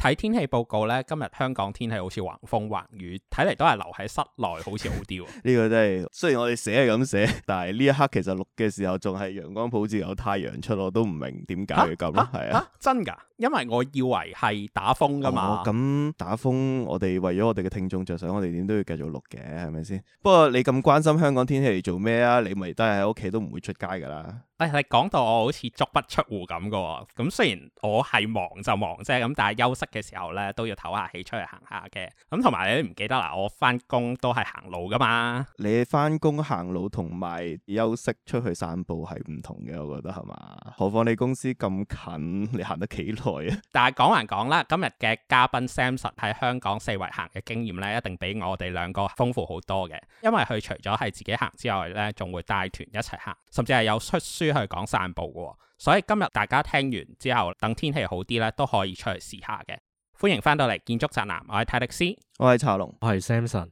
睇天氣報告咧，今日香港天氣好似橫風橫雨，睇嚟都係留喺室內好似好啲喎。呢 個真係，雖然我哋寫係咁寫，但係呢一刻其實錄嘅時候仲係陽光普照，有太陽出，我都唔明點解會咁咯，係啊，啊啊真㗎，因為我以為係打風㗎嘛。咁、哦、打風，我哋為咗我哋嘅聽眾着想，我哋點都要繼續錄嘅，係咪先？不過你咁關心香港天氣嚟做咩啊？你咪都係喺屋企，都唔會出街㗎啦。我講到我好似足不出戶咁嘅喎，咁雖然我係忙就忙啫，咁但係休息嘅時候咧都要唞下氣出去行下嘅，咁同埋你唔記得啦，我返工都係行路㗎嘛。你返工行路同埋休息出去散步係唔同嘅，我覺得係嘛？何況你公司咁近，你行得幾耐啊？但係講還講啦，今日嘅嘉賓 Sampson 喺香港四圍行嘅經驗咧，一定比我哋兩個豐富好多嘅，因為佢除咗係自己行之外咧，仲會帶團一齊行，甚至係有出書。出去講散步㗎喎，所以今日大家聽完之後，等天氣好啲咧，都可以出去試下嘅。歡迎翻到嚟建築宅男，我係泰力斯，我係茶龍，我係 Sampson。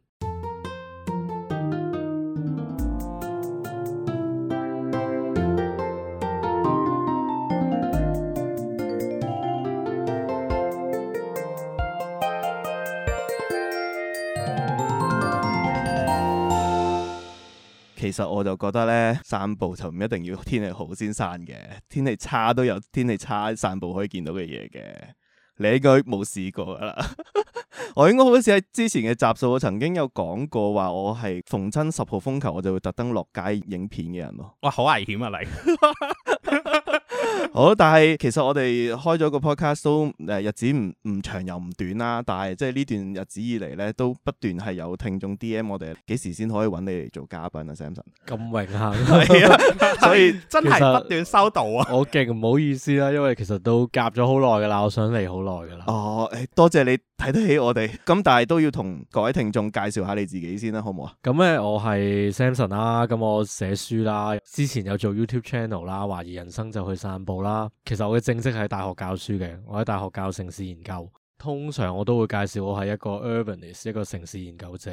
其實我就覺得咧，散步就唔一定要天氣好先散嘅，天氣差都有天氣差散步可以見到嘅嘢嘅。你應該冇試過噶啦， 我應該好似喺之前嘅集數，我曾經有講過話，我係逢親十號風球，我就會特登落街影片嘅人咯。哇，好危險啊你！ 好、哦，但係其實我哋開咗個 podcast 都誒、呃、日子唔唔長又唔短啦，但係即係呢段日子以嚟咧，都不斷係有聽眾 DM 我哋幾時先可以搵你嚟做嘉賓啊，Samson？咁榮幸係啊， 對 所以真係不斷收到啊！我勁唔好意思啦、啊，因為其實都夾咗好耐㗎啦，我想嚟好耐㗎啦。哦，誒、哎、多謝你睇得起我哋，咁但係都要同各位聽眾介紹下你自己先啦、啊，好唔好、嗯、啊？咁咧我係 Samson 啦，咁我寫書啦，之前有做 YouTube channel 啦，懷疑人生就去散步。啦，其實我嘅正職係大學教書嘅，我喺大學教城市研究。通常我都會介紹我係一個 urbanist，一個城市研究者。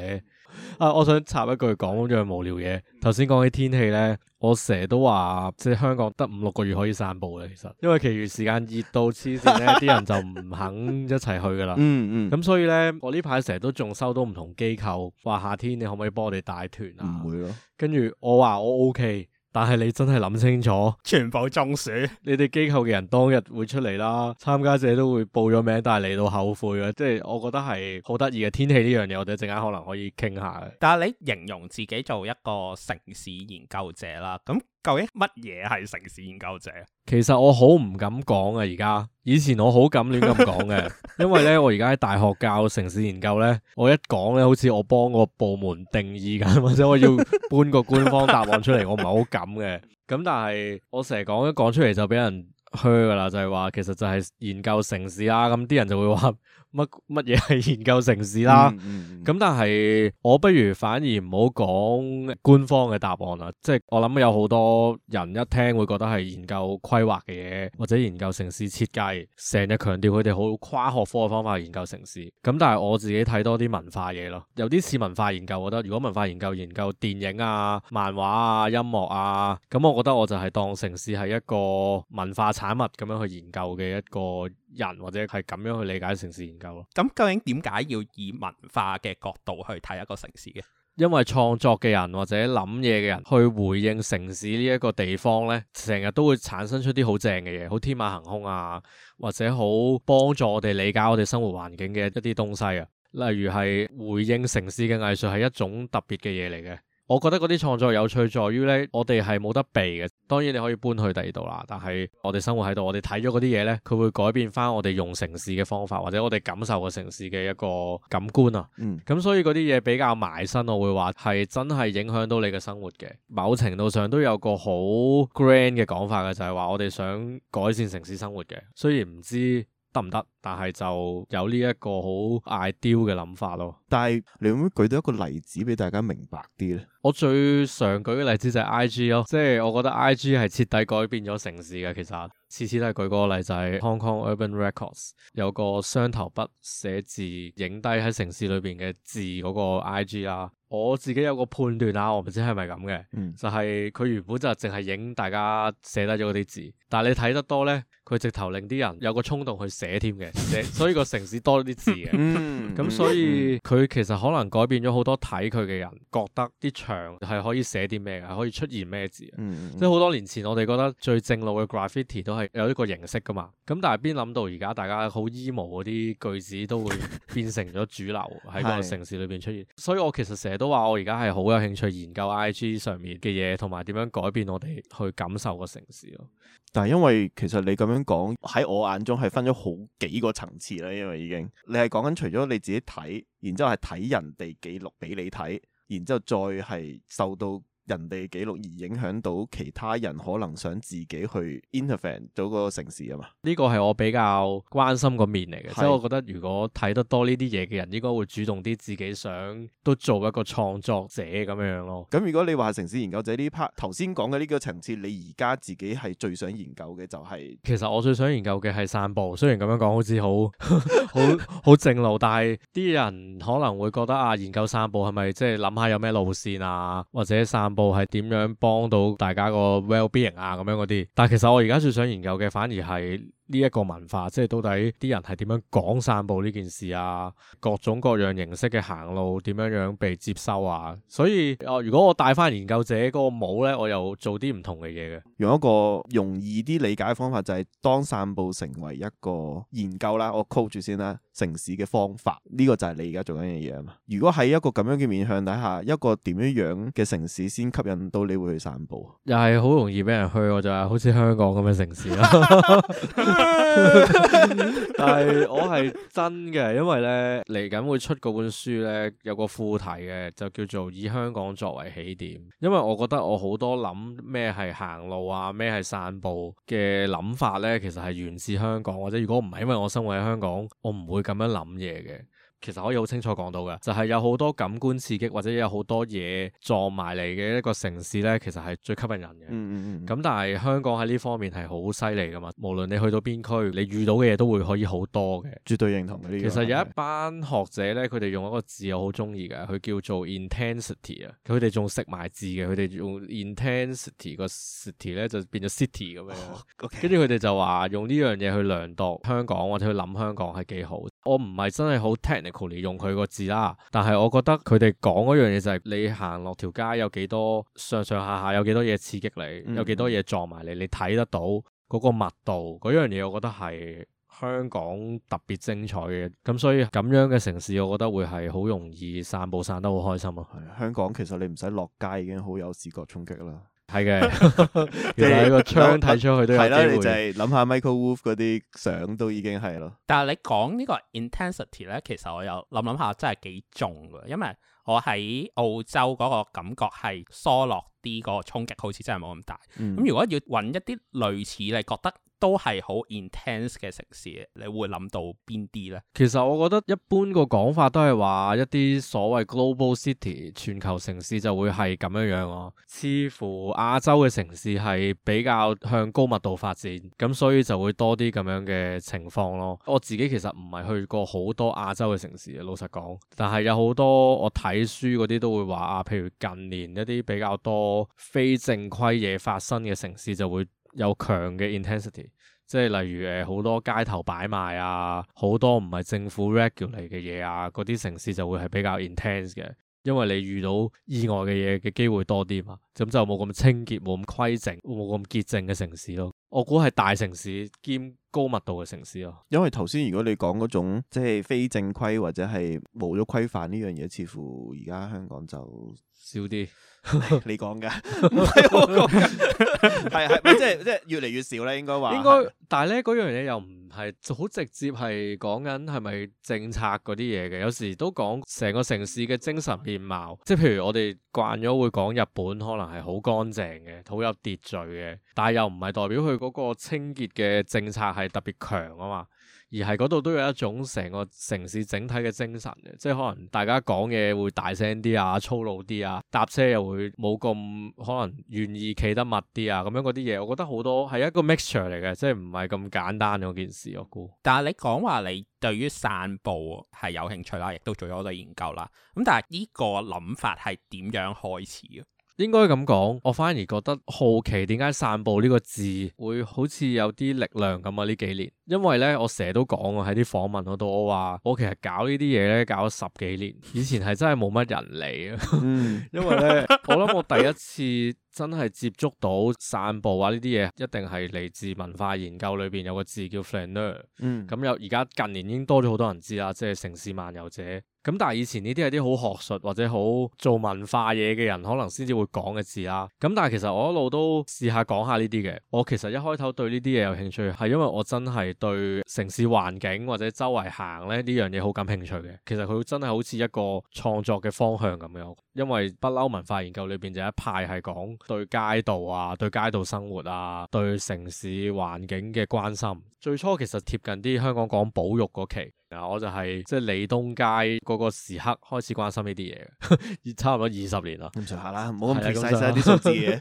啊，我想插一句講樣無聊嘢。頭先講起天氣呢，我成日都話即係香港得五六個月可以散步嘅，其實因為其餘時間熱到黐線呢，啲 人就唔肯一齊去噶啦。嗯嗯。咁所以呢，我呢排成日都仲收到唔同機構話夏天你可唔可以幫我哋帶團啊？唔會咯。跟住我話我 OK。但係你真係諗清楚，全部中暑。你哋機構嘅人當日會出嚟啦，參加者都會報咗名，但係嚟到後悔嘅，即係我覺得係好得意嘅天氣呢樣嘢，我哋一陣間可能可以傾下。但係你形容自己做一個城市研究者啦，咁。究竟乜嘢係城市研究者？其實我好唔敢講啊！而家以前我好敢亂咁講嘅，因為咧我而家喺大學教城市研究咧，我一講咧好似我幫個部門定義緊，或者我要搬個官方答案出嚟，我唔係好敢嘅。咁但係我成日講一講出嚟就俾人噓噶啦，就係話其實就係研究城市啦。咁啲人就會話。乜乜嘢係研究城市啦？咁，嗯嗯嗯，但係我不如反而唔好講官方嘅答案啦。即，就，係，是，我諗有好多人一聽會覺得係研究規劃嘅嘢，或者研究城市設計，成日強調佢哋好跨學科嘅方法去研究城市。咁但係我自己睇多啲文化嘢咯。有啲似文化研究，我覺得如果文化研究研究電影啊、漫畫啊、音樂啊，咁我覺得我就係當城市係一個文化產物咁樣去研究嘅一個。人或者係咁樣去理解城市研究咯。咁究竟點解要以文化嘅角度去睇一個城市嘅？因為創作嘅人或者諗嘢嘅人去回應城市呢一個地方咧，成日都會產生出啲好正嘅嘢，好天馬行空啊，或者好幫助我哋理解我哋生活環境嘅一啲東西啊。例如係回應城市嘅藝術係一種特別嘅嘢嚟嘅。我覺得嗰啲創作有趣在於呢，我哋係冇得避嘅。當然你可以搬去第二度啦，但係我哋生活喺度，我哋睇咗嗰啲嘢呢，佢會改變翻我哋用城市嘅方法，或者我哋感受個城市嘅一個感官啊。咁、嗯、所以嗰啲嘢比較埋身，我會話係真係影響到你嘅生活嘅。某程度上都有個好 grand 嘅講法嘅，就係、是、話我哋想改善城市生活嘅。雖然唔知。得唔得？但係就有呢一個好 ideal 嘅諗法咯。但係你會唔會舉到一個例子俾大家明白啲呢？我最常舉嘅例子就係 IG 咯，即係我覺得 IG 係徹底改變咗城市嘅。其實次次都係舉個例子，就係、是、Hong Kong Urban Records 有個雙頭筆寫字，影低喺城市裏邊嘅字嗰個 IG 啦、啊。我自己有個判斷啊，我唔知係咪咁嘅？嗯、就係佢原本就淨係影大家寫低咗嗰啲字，但係你睇得多咧，佢直頭令啲人有個衝動去寫添嘅， 所以個城市多咗啲字嘅，咁所以佢其實可能改變咗好多睇佢嘅人覺得啲牆係可以寫啲咩嘅，係可以出現咩字嘅，嗯、即係好多年前我哋覺得最正路嘅 graffiti 都係有一個形式噶嘛，咁但係邊諗到而家大家好 emo 啲句子都會變成咗主流喺 是個城市裏邊出現，所以我其實成都話我而家係好有興趣研究 IG 上面嘅嘢，同埋點樣改變我哋去感受個城市咯。但係因為其實你咁樣講喺我眼中係分咗好幾個層次啦，因為已經你係講緊除咗你自己睇，然之後係睇人哋記錄俾你睇，然之後再係受到人哋記錄而影響到其他人，可能想自己去 intervene 到個城市啊嘛？呢個係我比較關心個面嚟嘅，是即係我覺得如果睇得多呢啲嘢嘅人，應該會主動啲，自己想都做一個創作者咁樣咯。咁、嗯、如果你話城市研究者呢 part 頭先講嘅呢個層次，你而家自己係最想研究嘅就係、是？其實我最想研究嘅係散步，雖然咁樣講好似 好好好正路，但係啲人可能會覺得啊，研究散步係咪即係諗下有咩路線啊，或者散。部係點樣幫到大家個 well-being 啊，咁樣嗰啲。但係其實我而家最想研究嘅反而係呢一個文化，即係到底啲人係點樣講散步呢件事啊？各種各樣形式嘅行路點樣樣被接收啊？所以，啊，如果我戴翻研究者嗰個帽呢，我又做啲唔同嘅嘢嘅。用一個容易啲理解嘅方法，就係、係、當散步成為一個研究啦，我 call 住先啦。城市嘅方法，呢、呢個就係你而家做緊嘅嘢啊嘛。如果喺一個咁樣嘅面向底下，一個點樣樣嘅城市先吸引到你會去散步？又係好容易俾人去，就係、好似香港咁嘅城市咯。 但係我係真嘅，因為呢，嚟緊會出嗰本書呢，有個副題嘅就叫做以香港作為起點，因為我覺得我好多諗咩係行路啊，咩係散步嘅諗法呢，其實係源自香港，或者如果唔係，因為我生活喺香港，我唔會咁樣諗嘢嘅。其實可以好清楚講到嘅，就係有好多感官刺激或者有好多嘢撞埋嚟嘅一個城市咧，其實係最吸引人嘅。嗯嗯嗯。咁但係香港喺呢方面係好犀利噶嘛，無論你去到邊區，你遇到嘅嘢都會可以好多嘅。絕對認同呢啲。其實有一班學者咧，佢哋用一個字我好中意嘅，佢叫做 intensity 啊。佢哋仲食埋字嘅，佢哋用 intensity 個 city 咧就變咗 city 咁樣。OK。跟住佢哋就話用呢樣嘢去量度香港或者去諗香港係幾好。我唔係真係好 technical 嚟用佢個字啦，但係我覺得佢哋講嗰樣嘢就係你行落條街有幾多上上下下，有幾多嘢刺激你，嗯、有幾多嘢撞埋你，你睇得到嗰個密度嗰樣嘢，我覺得係香港特別精彩嘅，咁所以咁樣嘅城市，我覺得會係好容易散步散得好開心咯。啊。係、嗯、香港其實你唔使落街已經好有視覺衝擊啦。係嘅，即係 個窗睇出去都係啦。你就係諗下 Michael Wolf 嗰啲相都已經係咯。但係你講呢個 intensity 咧，其實我又諗諗下，真係幾重噶。因為我喺澳洲嗰個感覺係疏落啲，嗰個衝擊好似真係冇咁大。咁如果要揾一啲類似，你覺得？都係好 intense 嘅城市，你會諗到邊啲呢？其實我覺得一般個講法都係話一啲所謂 global city 全球城市就會係咁樣樣、啊、咯。似乎亞洲嘅城市係比較向高密度發展，咁所以就會多啲咁樣嘅情況咯。我自己其實唔係去過好多亞洲嘅城市，老實講，但係有好多我睇書嗰啲都會話啊，譬如近年一啲比較多非正規嘢發生嘅城市就會有強嘅 intensity，即係例如誒好多街頭擺賣啊，好多唔係政府 regular 嘅嘢啊，嗰啲城市就會係比較 intense 嘅，因為你遇到意外嘅嘢嘅機會多啲嘛，咁就冇咁清潔，冇咁規整，冇咁潔淨嘅城市咯。我估係大城市兼高密度嘅城市咯，啊。因為頭先如果你講嗰種即係非正規或者係冇咗規範呢樣嘢，似乎而家香港就少啲一。 你講㗎，唔係我講。 係係，即係即係越嚟越少咧，應該話。應該該，是但係咧嗰樣嘢又唔係好直接係講緊係咪政策嗰啲嘢嘅，有時都講成個城市嘅精神面貌。即係譬如我哋慣咗會講日本，可能係好乾淨嘅，好有秩序嘅，但係又唔係代表佢嗰個清潔嘅政策係特別強啊嘛，而係嗰度都有一種成個城市整體嘅精神嘅，即係可能大家講嘢會大聲啲啊、粗魯啲啊，搭車又會冇咁可能願意企得密啲啊，咁樣嗰啲嘢，我覺得好多係一個 mixture 嚟嘅，即係唔係咁簡單嗰件事我估。但係你講話你對於散步係有興趣啦，亦都做咗好多研究啦，咁但係呢個諗法係點樣開始啊？應該咁講，我反而覺得好奇點解散步呢個字會好似有啲力量咁啊？呢幾年。因為咧，我成日都講喎，喺啲訪問嗰度，我話我其實搞呢啲嘢咧，搞咗十幾年，以前係真係冇乜人理啊。嗯、因為咧， 我諗我第一次真係接觸到散步啊呢啲嘢，一定係嚟自文化研究裏邊有個字叫 flaneur。咁有而家近年已經多咗好多人知啦，即係城市漫遊者。咁但係以前呢啲係啲好學術或者好做文化嘢嘅人可能先至會講嘅字啦、啊。咁但係其實我一路都試下講下呢啲嘅。我其實一開頭對呢啲嘢有興趣，係因為我真係。對城市環境或者周圍行咧呢樣嘢好感興趣嘅，其實佢真係好似一個創作嘅方向咁樣，因為不嬲文化研究裏邊就一派係講對街道啊、對街道生活啊、對城市環境嘅關心。最初其實貼近啲香港講保育嗰期。嗱，我就係即係李東街嗰個時刻開始關心呢啲嘢，差唔多二十年啦。咁上下啦，冇咁詳細晒啲數字嘅。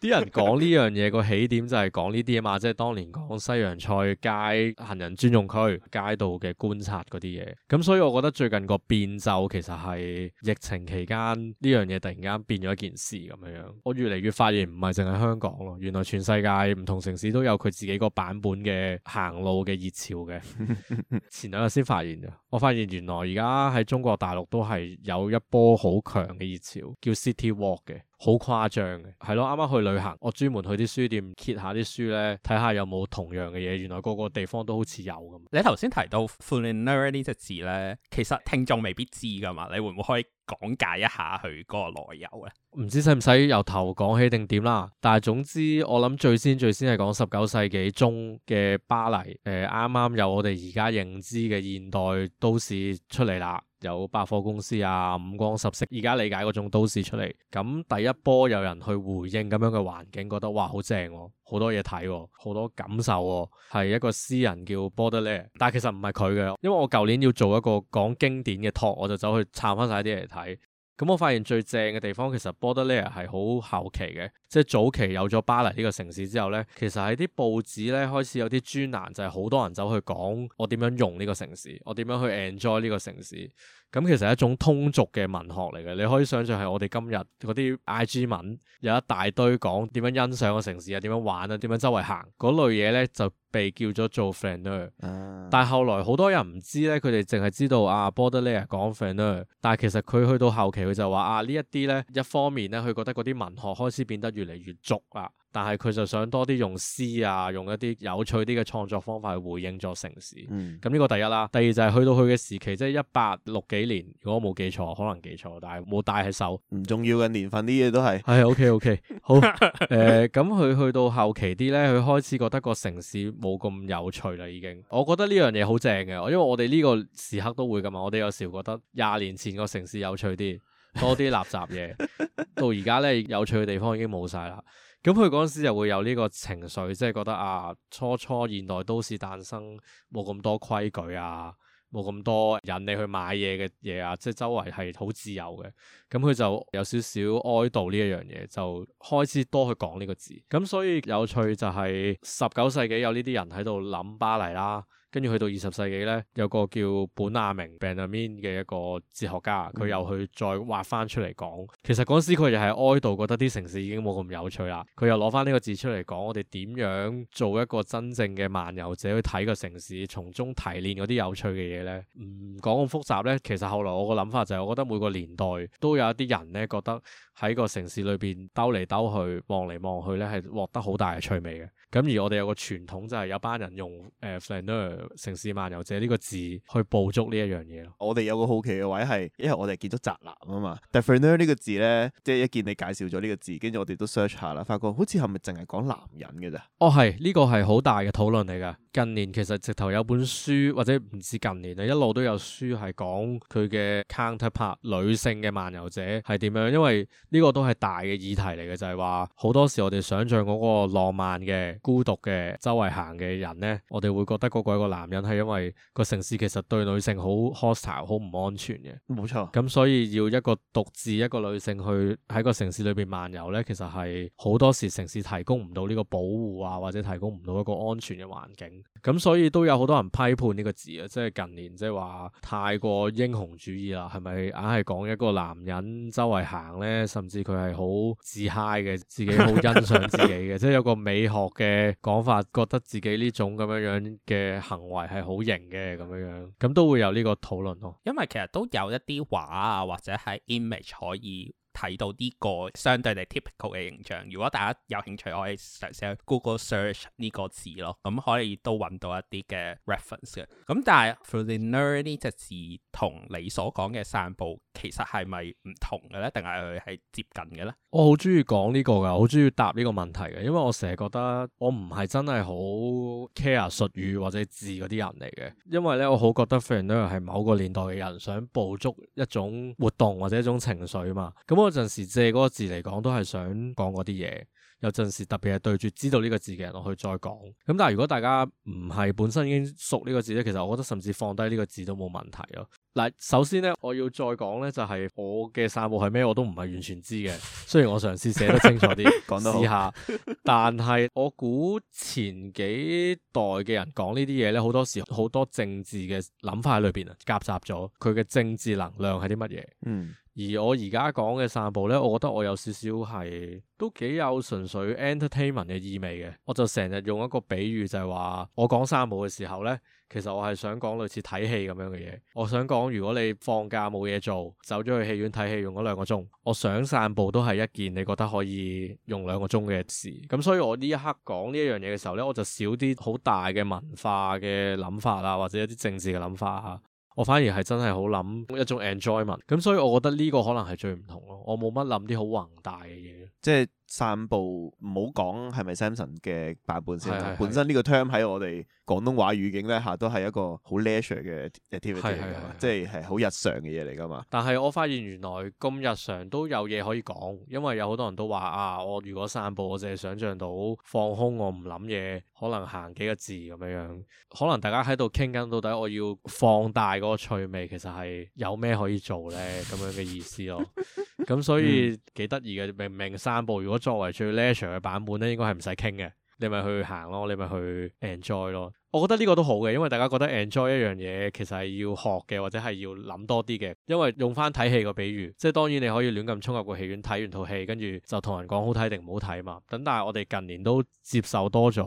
啲人講呢樣嘢個起點就係講呢啲啊嘛，即係當年講西洋菜街行人專用區街道嘅觀察嗰啲嘢。咁所以我覺得最近個變奏其實係疫情期間呢樣嘢突然間變咗一件事咁樣樣。我越嚟越發現唔係淨係香港咯，原來全世界唔同城市都有佢自己個版本嘅行路嘅熱潮嘅。 前兩日先發現嘅，我發現原來而家喺中國大陸都係有一波好強嘅熱潮，叫 City Walk 嘅。好誇張嘅，係咯，啱啱去旅行，我專門去啲書店揭，揭下啲書咧，睇下有冇同樣嘅嘢。原來個個地方都好似有咁。你頭先提到 flâneur 呢隻字咧，其實聽眾未必知噶嘛，你會唔會可以講解一下佢嗰個內涵咧？唔知使唔使由頭講起定點啦？但係總之，我諗最先最先係講十九世紀中嘅巴黎，誒啱啱有我哋而家認知嘅現代都市出嚟啦。有百貨公司啊，五光十色，而家理解嗰種都市出嚟，咁第一波有人去回應咁樣嘅環境，覺得哇好正喎，啊，好多嘢睇喎，好多感受喎，啊，係一個詩人叫波德萊，但其實唔係佢嘅，因為我舊年要做一個講經典嘅 talk，我就走去參翻晒啲嚟睇。咁我發現最正嘅地方其實波 l 萊 a 係好後期嘅，即係早期有咗巴黎呢個城市之後咧，其實喺啲報紙咧開始有啲專欄，就係、是、好多人走去講我點樣用呢個城市，我點樣去 enjoy 呢個城市。咁其實係一種通俗嘅文學嚟嘅，你可以想象係我哋今日嗰啲 I.G 文有一大堆講點樣欣賞個城市啊，點樣玩啊，點樣周圍行嗰類嘢咧，就被叫咗做 flâneur 啊。但係後來好多人唔知咧，佢哋淨係知道阿波德萊爾講 flâneur，但係其實佢去到後期，佢就話啊，一呢一啲咧，一方面咧，佢覺得嗰啲文學開始變得越嚟越俗啦。但係佢就想多啲用詩啊，用一啲有趣啲嘅創作方法去回應咗城市。咁呢、嗯、個第一啦，第二就係去到佢嘅時期，即係一八六幾年，如果我冇記錯，可能記錯，但係冇帶喺手，唔重要嘅年份啲嘢都係係、哎、OK OK 好誒，咁佢、 呃、去到後期啲咧，佢開始覺得個城市冇咁有趣啦，已經。我覺得呢樣嘢好正嘅，因為我哋呢個時刻都會噶嘛，我哋有時覺得廿年前個城市有趣啲，多啲垃圾嘢， 到而家咧有趣嘅地方已經冇晒啦。咁佢嗰陣時就會有呢個情緒，即係覺得啊，初初現代都市誕生冇咁多規矩啊，冇咁多引你去買嘢嘅嘢啊，即係周圍係好自由嘅。咁佢就有少少哀悼呢一樣嘢，就開始多去講呢個字。咁所以有趣就係十九世紀有呢啲人喺度諗巴黎啦。跟住去到二十世紀咧，有個叫本亞明 Benjamin 嘅一個哲學家，佢又去再畫翻出嚟講，其實嗰時佢又係哀悼覺得啲城市已經冇咁有，有趣啦。佢又攞翻呢個字出嚟講，我哋點樣做一個真正嘅漫遊者去睇個城市，從中提煉嗰啲有趣嘅嘢咧？唔講咁複雜咧，其實後來我個諗法就係、是，我覺得每個年代都有一啲人咧，覺得喺個城市裏邊兜嚟兜去、望嚟望去咧，係獲得好大嘅趣味嘅。咁而我哋有個傳統就係、是、有班人用誒。呃城市漫遊者呢個字去捕捉呢一樣嘢，我哋有個好奇嘅位係，因為我哋建築宅男啊嘛。flâneur 呢個字咧，即係一見你介紹咗呢個字，跟住我哋都 search 下啦，發覺好似係咪淨係講男人嘅咋？哦，係，呢個係好大嘅討論嚟㗎。近年其實直頭有本書，或者唔似近年啊，一路都有書係講佢嘅 counterpart 女性嘅漫遊者係點樣，因為呢個都係大嘅議題嚟嘅，就係話好多時我哋想象嗰個浪漫嘅、孤獨嘅、周圍行嘅人咧，我哋會覺得嗰個。男人係因為個城市其實對女性好 hostile，好唔安全嘅。冇錯，咁所以要一個獨自一個女性去喺個城市裏邊漫遊咧，其實係好多時城市提供唔到呢個保護啊，或者提供唔到一個安全嘅環境。咁所以都有好多人批判呢個字啊，即係近年即係話太過英雄主義啦，係咪硬係講一個男人周圍行咧，甚至佢係好自嗨嘅，自己好欣賞自己嘅， 即係有個美學嘅講法，覺得自己呢種咁樣樣嘅行行為係好型嘅咁樣樣，咁都會有呢個討論咯。因為其實都有一啲畫啊，或者係 image 可以。睇到呢個相對嚟 typical 嘅形象。如果大家有興趣，可以嘗試去 Google search 呢個字咯，咁、嗯、可以都揾到一啲嘅 reference 嘅。咁、嗯、但係 flaneur 呢隻字同你所講嘅散步，其實係咪唔同嘅咧？定係佢係接近嘅咧？我好中意講呢個㗎，好中意答呢個問題嘅，因為我成日覺得我唔係真係好 care 術語或者字嗰啲人嚟嘅，因為咧我好覺得 flaneur 係某個年代嘅人想捕捉一種活動或者一種情緒啊嘛。咁、嗯嗰陣時借嗰個字嚟講，都係想講嗰啲嘢。有陣時特別係對住知道呢個字嘅人落去再講。咁但係如果大家唔係本身已經熟呢個字呢，其實我覺得甚至放低呢個字都冇問題咯。嗱，首先呢，我要再講呢，就係我嘅散步係咩，我都唔係完全知嘅。雖然我嘗試寫得清楚啲， 試下，但係我估前幾代嘅人講呢啲嘢呢，好多時好多政治嘅諗法喺裏邊啊，夾雜咗佢嘅政治能量係啲乜嘢？嗯。而我而家講嘅散步咧，我覺得我有少少係都幾有純粹 entertainment 嘅意味嘅。我就成日用一個比喻就係話，我講散步嘅時候咧，其實我係想講類似睇戲咁樣嘅嘢。我想講，如果你放假冇嘢做，走咗去戲院睇戲用咗兩個鐘，我想散步都係一件你覺得可以用兩個鐘嘅事。咁所以我呢一刻講呢一樣嘢嘅時候咧，我就少啲好大嘅文化嘅諗法啊，或者一啲政治嘅諗法吓啊。我反而係真係好諗一種 enjoyment，咁所以我覺得呢個可能係最唔同咯。我冇乜諗啲好宏大嘅嘢，即係。散步唔好講係咪 Samson 嘅版本先。是是是本身呢個 term 喺我哋廣東話語境底下都係一個好 leisure 嘅誒 activity 嘅，即係係好日常嘅嘢嚟噶嘛。但係我發現原來咁日常都有嘢可以講，因為有好多人都話啊，我如果散步，我淨係想象到放空，我唔諗嘢，可能行幾個字咁樣樣。可能大家喺度傾緊到底我要放大嗰個趣味，其實係有咩可以做咧，咁樣嘅意思咯。咁 所以幾得意嘅，明明散步如果作為最 leisure 嘅版本咧，應該係唔使傾嘅，你咪去行咯，你咪去 enjoy 咯。我覺得呢個都好嘅，因為大家覺得 enjoy 一樣嘢其實係要學嘅，或者係要諗多啲嘅。因為用翻睇戲個比喻，即係當然你可以亂咁衝入個戲院睇完套戲，跟住就同人講好睇定唔好睇嘛。咁但係我哋近年都接受多咗，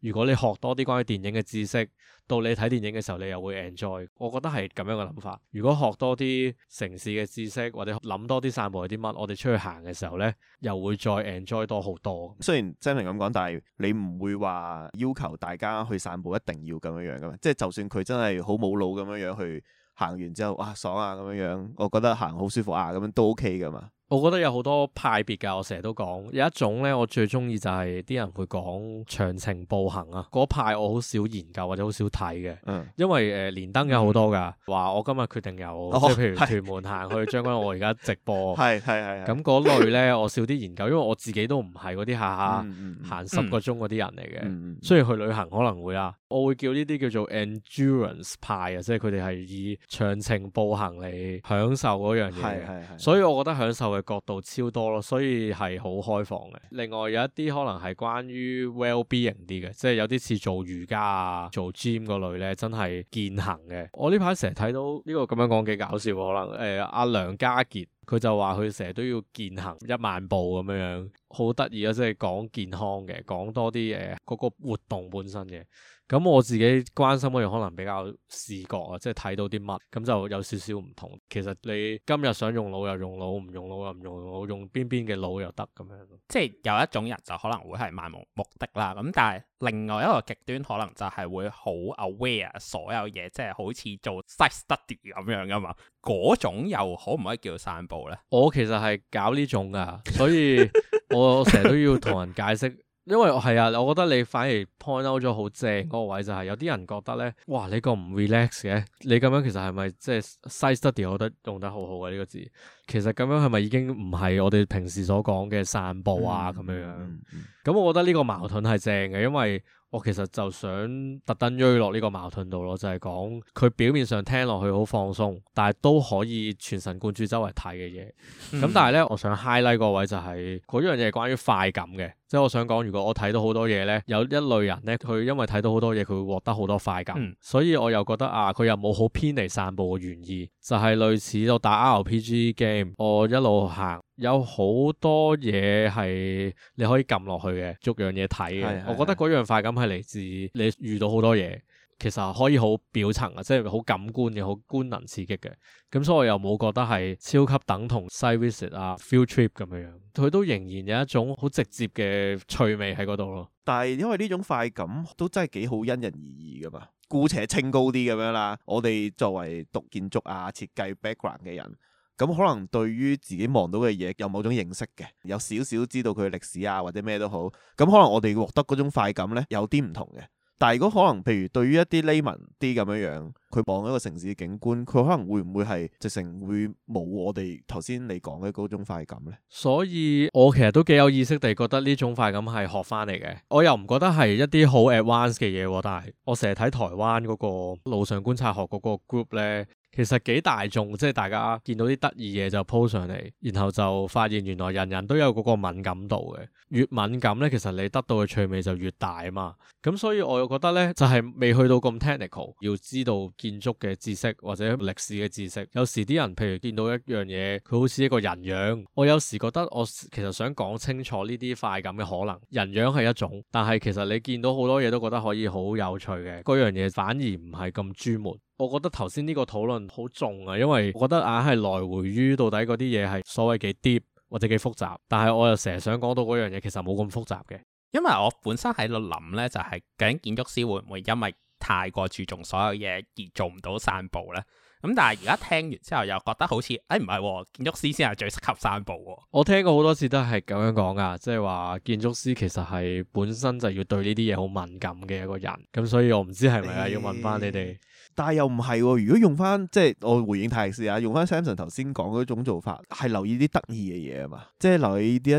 如果你學多啲關於電影嘅知識。到你睇電影嘅時候，你又會 enjoy。我覺得係咁樣嘅諗法。如果學多啲城市嘅知識，或者諗多啲散步係啲乜，我哋出去行嘅時候呢，又會再 enjoy 多好多。雖然真係咁講，但係你唔會話要求大家去散步一定要咁樣樣噶嘛。即係就算佢真係好冇腦咁樣樣去行完之後，啊，爽啊咁樣樣，我覺得行好舒服啊咁樣都 OK 噶嘛。我覺得有好多派別㗎，我成日都講有一種咧，我最中意就係啲人會講長程步行啊嗰派，我好少研究或者好少睇嘅，因為誒連登有好多㗎，話我今日決定有，即係譬如屯門行去將軍澳，我而家直播，係係係咁嗰類咧，我少啲研究，因為我自己都唔係嗰啲下下行十個鐘嗰啲人嚟嘅，雖然去旅行可能會啦，我會叫呢啲叫做 endurance 派啊，即係佢哋係以長程步行嚟享受嗰樣嘢，係係所以我覺得享受。角度超多咯，所以係好開放嘅。另外有一啲可能係關於 well being 啲嘅，即係有啲似做瑜伽啊、做 gym 個類咧，真係健行嘅。我呢排成日睇到呢個咁樣講幾搞笑，可能誒阿、呃、梁家傑佢就話佢成日都要健行一萬步咁樣樣。好得意啊！即係講健康嘅，講多啲誒嗰個活動本身嘅。咁我自己關心嗰樣可能比較視覺啊，即係睇到啲乜，咁就有少少唔同。其實你今日想用腦又用腦，唔用腦又唔用腦，用邊邊嘅腦又得咁樣。即係有一種人就可能會係漫無目的啦。咁但係另外一個極端可能就係會好 aware 所有嘢，即係好似做 site study 咁樣噶嘛。嗰種又可唔可以叫散步咧？我其實係搞呢種噶，所以。 我成日都要同人解釋，因為係啊，我覺得你反而 point out 咗好正嗰個位就係，有啲人覺得咧，哇，你咁唔 relax 嘅，你咁樣其實係咪即係 side study？我覺得用得好好嘅呢個字，其實咁樣係咪已經唔係我哋平時所講嘅散步啊咁樣、嗯、樣？咁、嗯嗯、我覺得呢個矛盾係正嘅，因為。我其實就想特登追落呢個矛盾度咯，就係講佢表面上聽落去好放鬆，但係都可以全神貫注周圍睇嘅嘢。咁、嗯嗯、但係咧，我想 highlight 嗰位就係、是、嗰樣嘢係關於快感嘅。即係我想講，如果我睇到好多嘢咧，有一類人咧，佢因為睇到好多嘢，佢會獲得好多快感。嗯、所以我又覺得啊，佢又冇好偏離散步嘅原意，就係、是、類似到打 RPG game。我一路行，有好多嘢係你可以撳落去嘅，逐樣嘢睇嘅。是是是我覺得嗰樣快感係嚟自你遇到好多嘢。其實可以好表層嘅，即係好感官嘅，好官能刺激嘅。咁所以我又冇覺得係超級等同 site visit 啊，field trip 咁樣樣。佢都仍然有一種好直接嘅趣味喺嗰度咯。但係因為呢種快感都真係幾好，因人而異噶嘛。姑且清高啲咁樣啦。我哋作為讀建築啊、設計 background 嘅人，咁可能對於自己望到嘅嘢有某種認識嘅，有少少知道佢嘅歷史啊或者咩都好。咁可能我哋獲得嗰種快感呢，有啲唔同嘅。但係如果可能，譬如對於一啲 layman 啲咁樣樣，佢望一個城市嘅景觀，佢可能會唔會係直情會冇我哋頭先你講嘅嗰種快感呢？所以我其實都幾有意識地覺得呢種快感係學返嚟嘅，我又唔覺得係一啲好 advanced 嘅嘢喎。但係我成日睇台灣嗰個路上觀察學嗰個 group 咧。其實幾大眾，即係大家見到啲得意嘢就 po 上嚟，然後就發現原來人人都有嗰個敏感度嘅。越敏感咧，其實你得到嘅趣味就越大啊嘛。咁所以我又覺得咧，就係、是、未去到咁 technical，要知道建築嘅知識或者歷史嘅知識。有時啲人譬如見到一樣嘢，佢好似一個人樣。我有時覺得我其實想講清楚呢啲快感嘅可能，人樣係一種，但係其實你見到好多嘢都覺得可以好有趣嘅，嗰樣嘢反而唔係咁專門。我覺得頭先呢個討論好重啊，因為我覺得硬係來回於到底嗰啲嘢係所謂幾 deep 或者幾複雜，但係我又成日想講到嗰樣嘢其實冇咁複雜嘅。因為我本身喺度諗呢，就係、是、究竟建築師會唔會因為太過注重所有嘢而做唔到散步呢？咁、嗯、但係而家聽完之後又覺得好似誒唔係，建築師先係最適合散步。我聽過好多次都係咁樣講噶，即係話建築師其實係本身就要對呢啲嘢好敏感嘅一個人，咁所以我唔知係咪啊？要問翻你哋、欸。但係又唔係喎，如果用翻即係我回應泰利斯啊，用翻 Samson 頭先講嗰種做法，係留意啲得意嘅嘢啊嘛，即係留意啲一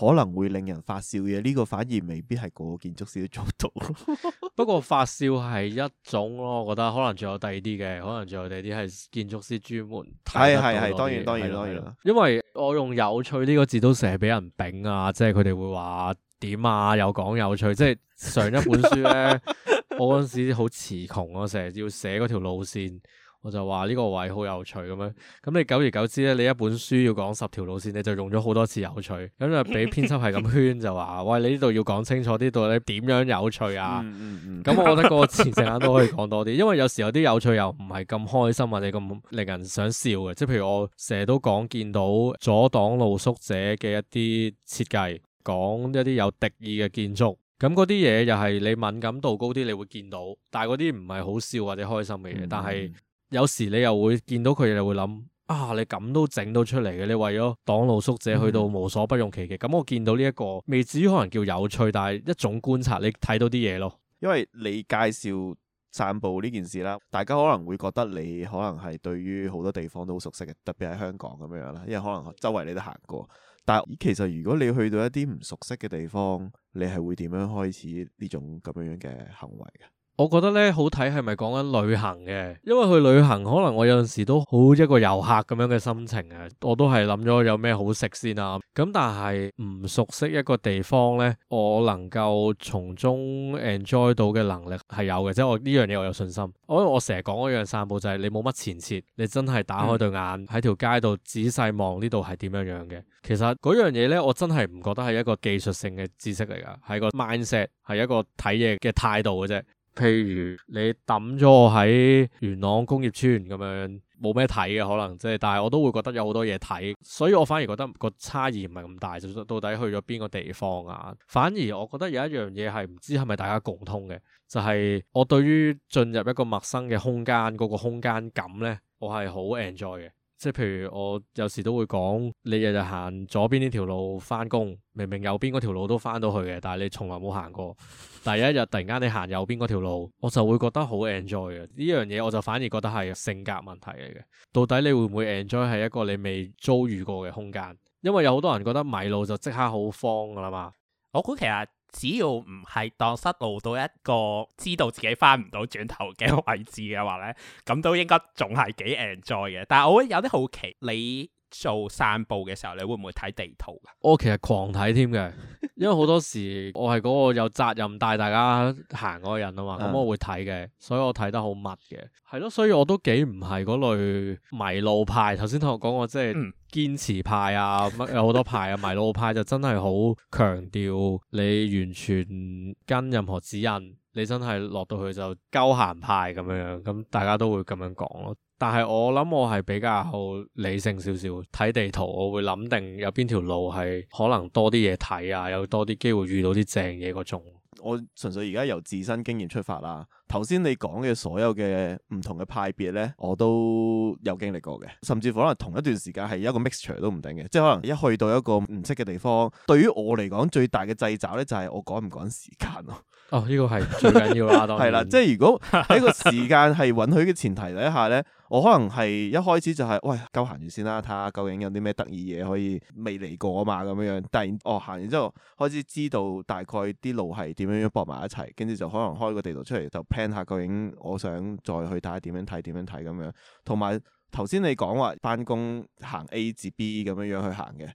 啲可能會令人發笑嘅嘢，呢個反而未必係個個建築師都做到咯。 不過發笑係一種咯，我覺得可能仲有第二啲嘅，可能仲有第二啲係建築師專門睇得到嘅。係係係，當然當然當然。的當然因為我用有趣呢個字都成日俾人頂啊，即係佢哋會話點啊，又講有趣，即係上一本書咧。 我嗰陣時好詞窮，我成日要寫嗰條路線，我就話呢個位好有趣咁樣。咁你久而久之呢，你一本書要講十條路線，你就用咗好多次有趣。咁就俾編輯係咁圈就說，就話 喂，你呢度要講清楚，呢度你點樣有趣啊？咁我覺得嗰個前陣間都可以講多啲， 因為有時候有啲有趣又唔係咁開心或者咁令人想笑嘅，即係譬如我成日都講見到阻擋露宿者嘅一啲設計，講一啲有敵意嘅建築。咁嗰啲嘢又係你敏感度高啲，你會見到，但係嗰啲唔係好笑或者開心嘅嘢。嗯、但係有時你又會見到佢，又會諗啊，你咁都整到出嚟嘅，你為咗擋露宿者去到無所不用其極。咁、嗯、我見到呢、這、一個，未至於可能叫有趣，但係一種觀察你睇到啲嘢咯。因為你介紹散步呢件事啦，大家可能會覺得你可能係對於好多地方都好熟悉嘅，特別喺香港咁樣啦，因為可能周圍你都行過。但係，其實如果你去到一啲唔熟悉嘅地方，你係會點樣開始呢種咁樣嘅行為嘅？我覺得咧，好睇，係咪講緊旅行嘅？因為去旅行可能我有陣時都好一個遊客咁樣嘅心情啊，我都係諗咗有咩好食先啦、啊。咁但係唔熟悉一個地方咧，我能夠從中 enjoy 到嘅能力係有嘅，即係我呢樣嘢我有信心。因為我我成日講一樣散步就係、是、你冇乜前設，你真係打開對眼喺、嗯、條街度仔細望呢度係點樣樣嘅。其實嗰樣嘢咧，我真係唔覺得係一個技術性嘅知識嚟㗎，係個 mindset，係一個睇嘢嘅態度嘅啫。譬如你抌咗我喺元朗工業村咁樣，冇咩睇嘅可能，即係，但係我都會覺得有好多嘢睇，所以我反而覺得個差異唔係咁大。就到底去咗邊個地方啊？反而我覺得有一樣嘢係唔知係咪大家共通嘅，就係我對於進入一個陌生嘅空間嗰個空間感咧，我係好 enjoy 嘅。即係譬如我有時都會講，你日日行左邊呢條路返工，明明右邊嗰條路都返到去嘅，但係你從來冇行過。第一日突然間你行右邊嗰條路，我就會覺得好 enjoy 嘅呢樣嘢，我就反而覺得係性格問題嚟嘅。到底你會唔會 enjoy 喺一個你未遭遇過嘅空間？因為有好多人覺得迷路就即刻好慌㗎喇嘛。我估其實～只要唔係蕩失路到一個知道自己翻唔到轉頭嘅位置嘅話咧，咁都應該仲係幾 enjoy 嘅。但係我會有啲好奇你。做散步嘅時候，你會唔會睇地圖噶？我其實狂睇添嘅，因為好多時我係嗰個有責任帶大家行嗰個人啊嘛，咁我會睇嘅，所以我睇得好密嘅。係咯，所以我都幾唔係嗰類迷路派。頭先同我講過，即係堅持派啊，乜有好多派啊， 迷路派就真係好強調你完全跟任何指引，你真係落到去就鳩行派咁樣樣，咁大家都會咁樣講咯。但係我諗我係比較好理性少少，睇地圖我會諗定有邊條路係可能多啲嘢睇啊，有多啲機會遇到啲正嘢個種。我純粹而家由自身經驗出發啦，頭先你講嘅所有嘅唔同嘅派別呢，我都有經歷過嘅，甚至乎可能同一段時間係一個 mixture 都唔定嘅，即係可能一去到一個唔識嘅地方，對於我嚟講最大嘅掣肘呢，就係我趕唔趕時間咯。哦，呢、這個係最緊要啦，當係啦，即係如果喺個時間係允許嘅前提底下呢， 我可能係一開始就係、是、喂，夠行完先啦，睇下究竟有啲咩得意嘢可以未嚟過啊嘛，咁樣樣突然哦行完之後，開始知道大概啲路係點樣樣駁埋一齊，跟住就可能開個地圖出嚟就 plan 下究竟我想再去睇下點樣睇點樣睇咁樣。同埋頭先你講話翻工行，行 A 至 B 咁樣樣去行嘅，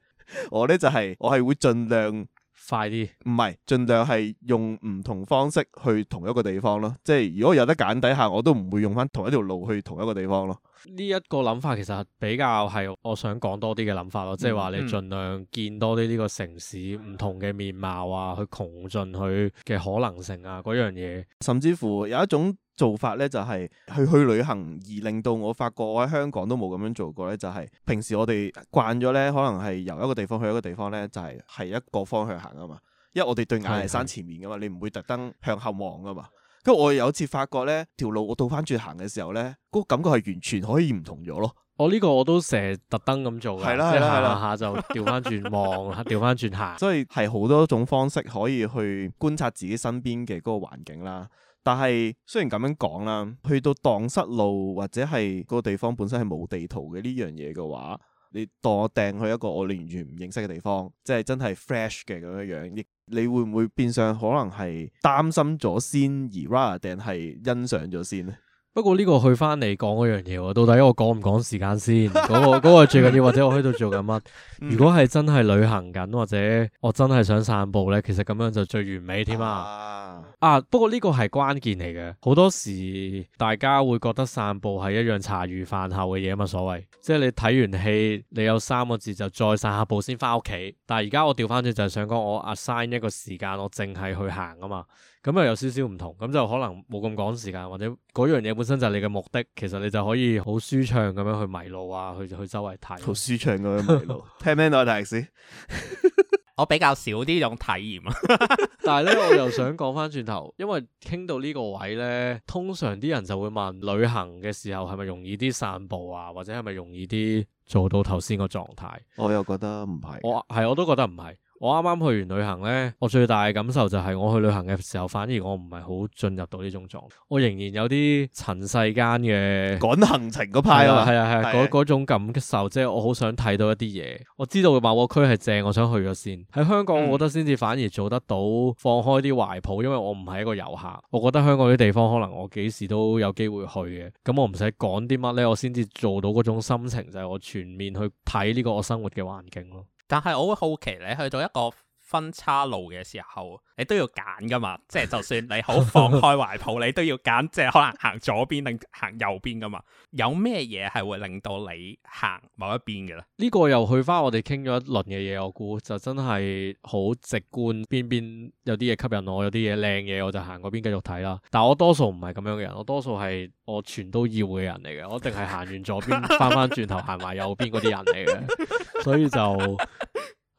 我呢就係、是、我係會盡量。快啲，唔係，盡量係用唔同方式去同一個地方咯。即係如果有得揀底下，我都唔會用返同一條路去同一個地方咯。呢一個諗法其實比較係我想講多啲嘅諗法咯，嗯、即係話你盡量見多啲呢個城市唔、嗯、同嘅面貌啊，去窮盡佢嘅可能性啊嗰樣嘢。甚至乎有一種做法呢，就係、是、去去旅行而令到我發覺我喺香港都冇咁樣做過呢，就係、是、平時我哋慣咗呢，可能係由一個地方去一個地方呢，就係、是、係一個方向行啊嘛。因為我哋對眼係山前面㗎嘛，是是你唔會特登向後望㗎嘛。因為我有次發覺呢條路我倒翻轉行嘅時候呢嗰、嗰個感覺係完全可以唔同咗咯。我呢個我都成日特登咁做嘅。係啦係啦，下，下，下就調翻轉望，調翻 轉行，所以係好多種方式可以去觀察自己身邊嘅嗰個環境啦。但係雖然咁樣講啦，去到蕩失路或者係嗰個地方本身係冇地圖嘅呢樣嘢嘅話，你當我掟去一個我完全唔認識嘅地方，即係真係 fresh 嘅咁樣樣。你會唔會變相可能係擔心咗先而 rather 定係欣賞咗先咧？ 不過呢個去翻嚟講嗰樣嘢，到底我講唔講時間先？嗰、 嗰個、嗰個最緊要或者我喺度做緊乜？如果係真係旅行緊或者我真係想散步呢，其實咁樣就最完美添 啊！啊，不過呢個係關鍵嚟嘅，好多時大家會覺得散步係一樣茶餘飯後嘅嘢啊嘛，所謂，即係你睇完戲，你有三個字就再散下步先翻屋企。但係而家我調翻轉就係想講，我 assign 一個時間，我淨係去行啊嘛，咁又有少少唔同，咁就可能冇咁趕時間，或者嗰樣嘢本身就係你嘅目的，其實你就可以好舒暢咁樣去迷路啊，去去周圍睇，好舒暢嘅迷路，睇咩都得，係 我比較少呢種體驗， 但係呢，我又想講翻轉頭，因為傾到呢個位呢，通常啲人就會問旅行嘅時候係咪容易啲散步啊，或者係咪容易啲做到頭先個狀態？我又覺得唔係，我係我都覺得唔係。我啱啱去完旅行咧，我最大嘅感受就係，我去旅行嘅時候，反而我唔係好進入到呢種狀態，我仍然有啲塵世間嘅趕行程嗰派咯，係啊係啊，嗰嗰、啊啊啊、種感受，即、就、係、是、我好想睇到一啲嘢，我知道某個區係正，我想去咗先。喺香港，我覺得先至反而做得到放開啲懷抱，因為我唔係一個遊客，我覺得香港啲地方可能我幾時都有機會去嘅，咁我唔使講啲乜咧，我先至做到嗰種心情，就係、是、我全面去睇呢個我生活嘅環境咯。但係，我會好奇你去到一個分叉路嘅時候，你都要揀噶嘛？即係就算你好放開懷抱， 你都要揀，即係可能行左邊定行右邊噶嘛？有咩嘢係會令到你行某一邊噶咧？呢個又去翻我哋傾咗一輪嘅嘢，我估就真係好直觀。邊邊有啲嘢吸引我，有啲嘢靚嘢，我就行嗰邊繼續睇啦。但我多數唔係咁樣嘅人，我多數係我全都要嘅人嚟嘅。我一定係行完左邊翻翻轉頭行埋右邊嗰啲人嚟嘅， 所以就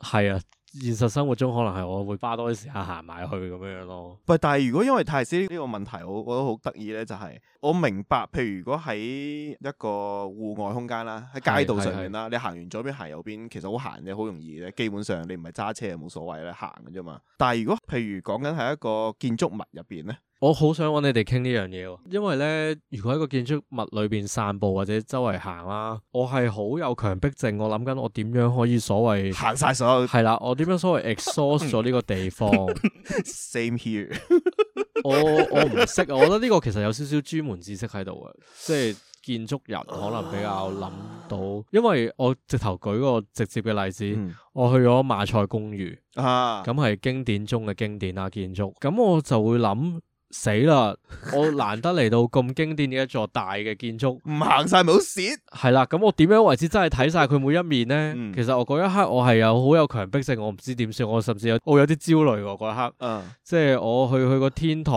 係啊。現實生活中可能係我會花多啲時間行埋去咁樣樣咯。唔但係如果因為太細，呢個問題我覺得好得意呢，就係、是、我明白。譬如如果喺一個戶外空間啦，喺街道上面啦，是是是你行完左邊行右邊，其實好行嘅，好容易嘅。基本上你唔係揸車冇所謂啦，行嘅啫嘛。但係如果譬如講緊喺一個建築物入邊呢。我好想揾你哋傾呢樣嘢，因為呢，如果喺個建築物裏邊散步或者周圍行啦，我係好有強迫症，我諗緊我點樣可以所謂行晒所有，係啦，我點樣所謂 exhaust 咗呢個地方 ？Same here 我。我我唔識，我覺得呢個其實有少少專門知識喺度嘅，即係建築人可能比較諗到，因為我直頭舉個直接嘅例子，嗯、我去咗馬賽公寓啊，咁係經典中嘅經典啦建築，咁我就會諗。死啦！我難得嚟到咁經典嘅一座大嘅建築，唔行晒咪好蝕？係啦，咁我點樣為之真係睇晒佢每一面咧？嗯、其實我嗰一刻我係有好有強迫性，我唔知點算，我甚至有我有啲焦慮喎、啊、嗰一刻。嗯、即係我去去個天台，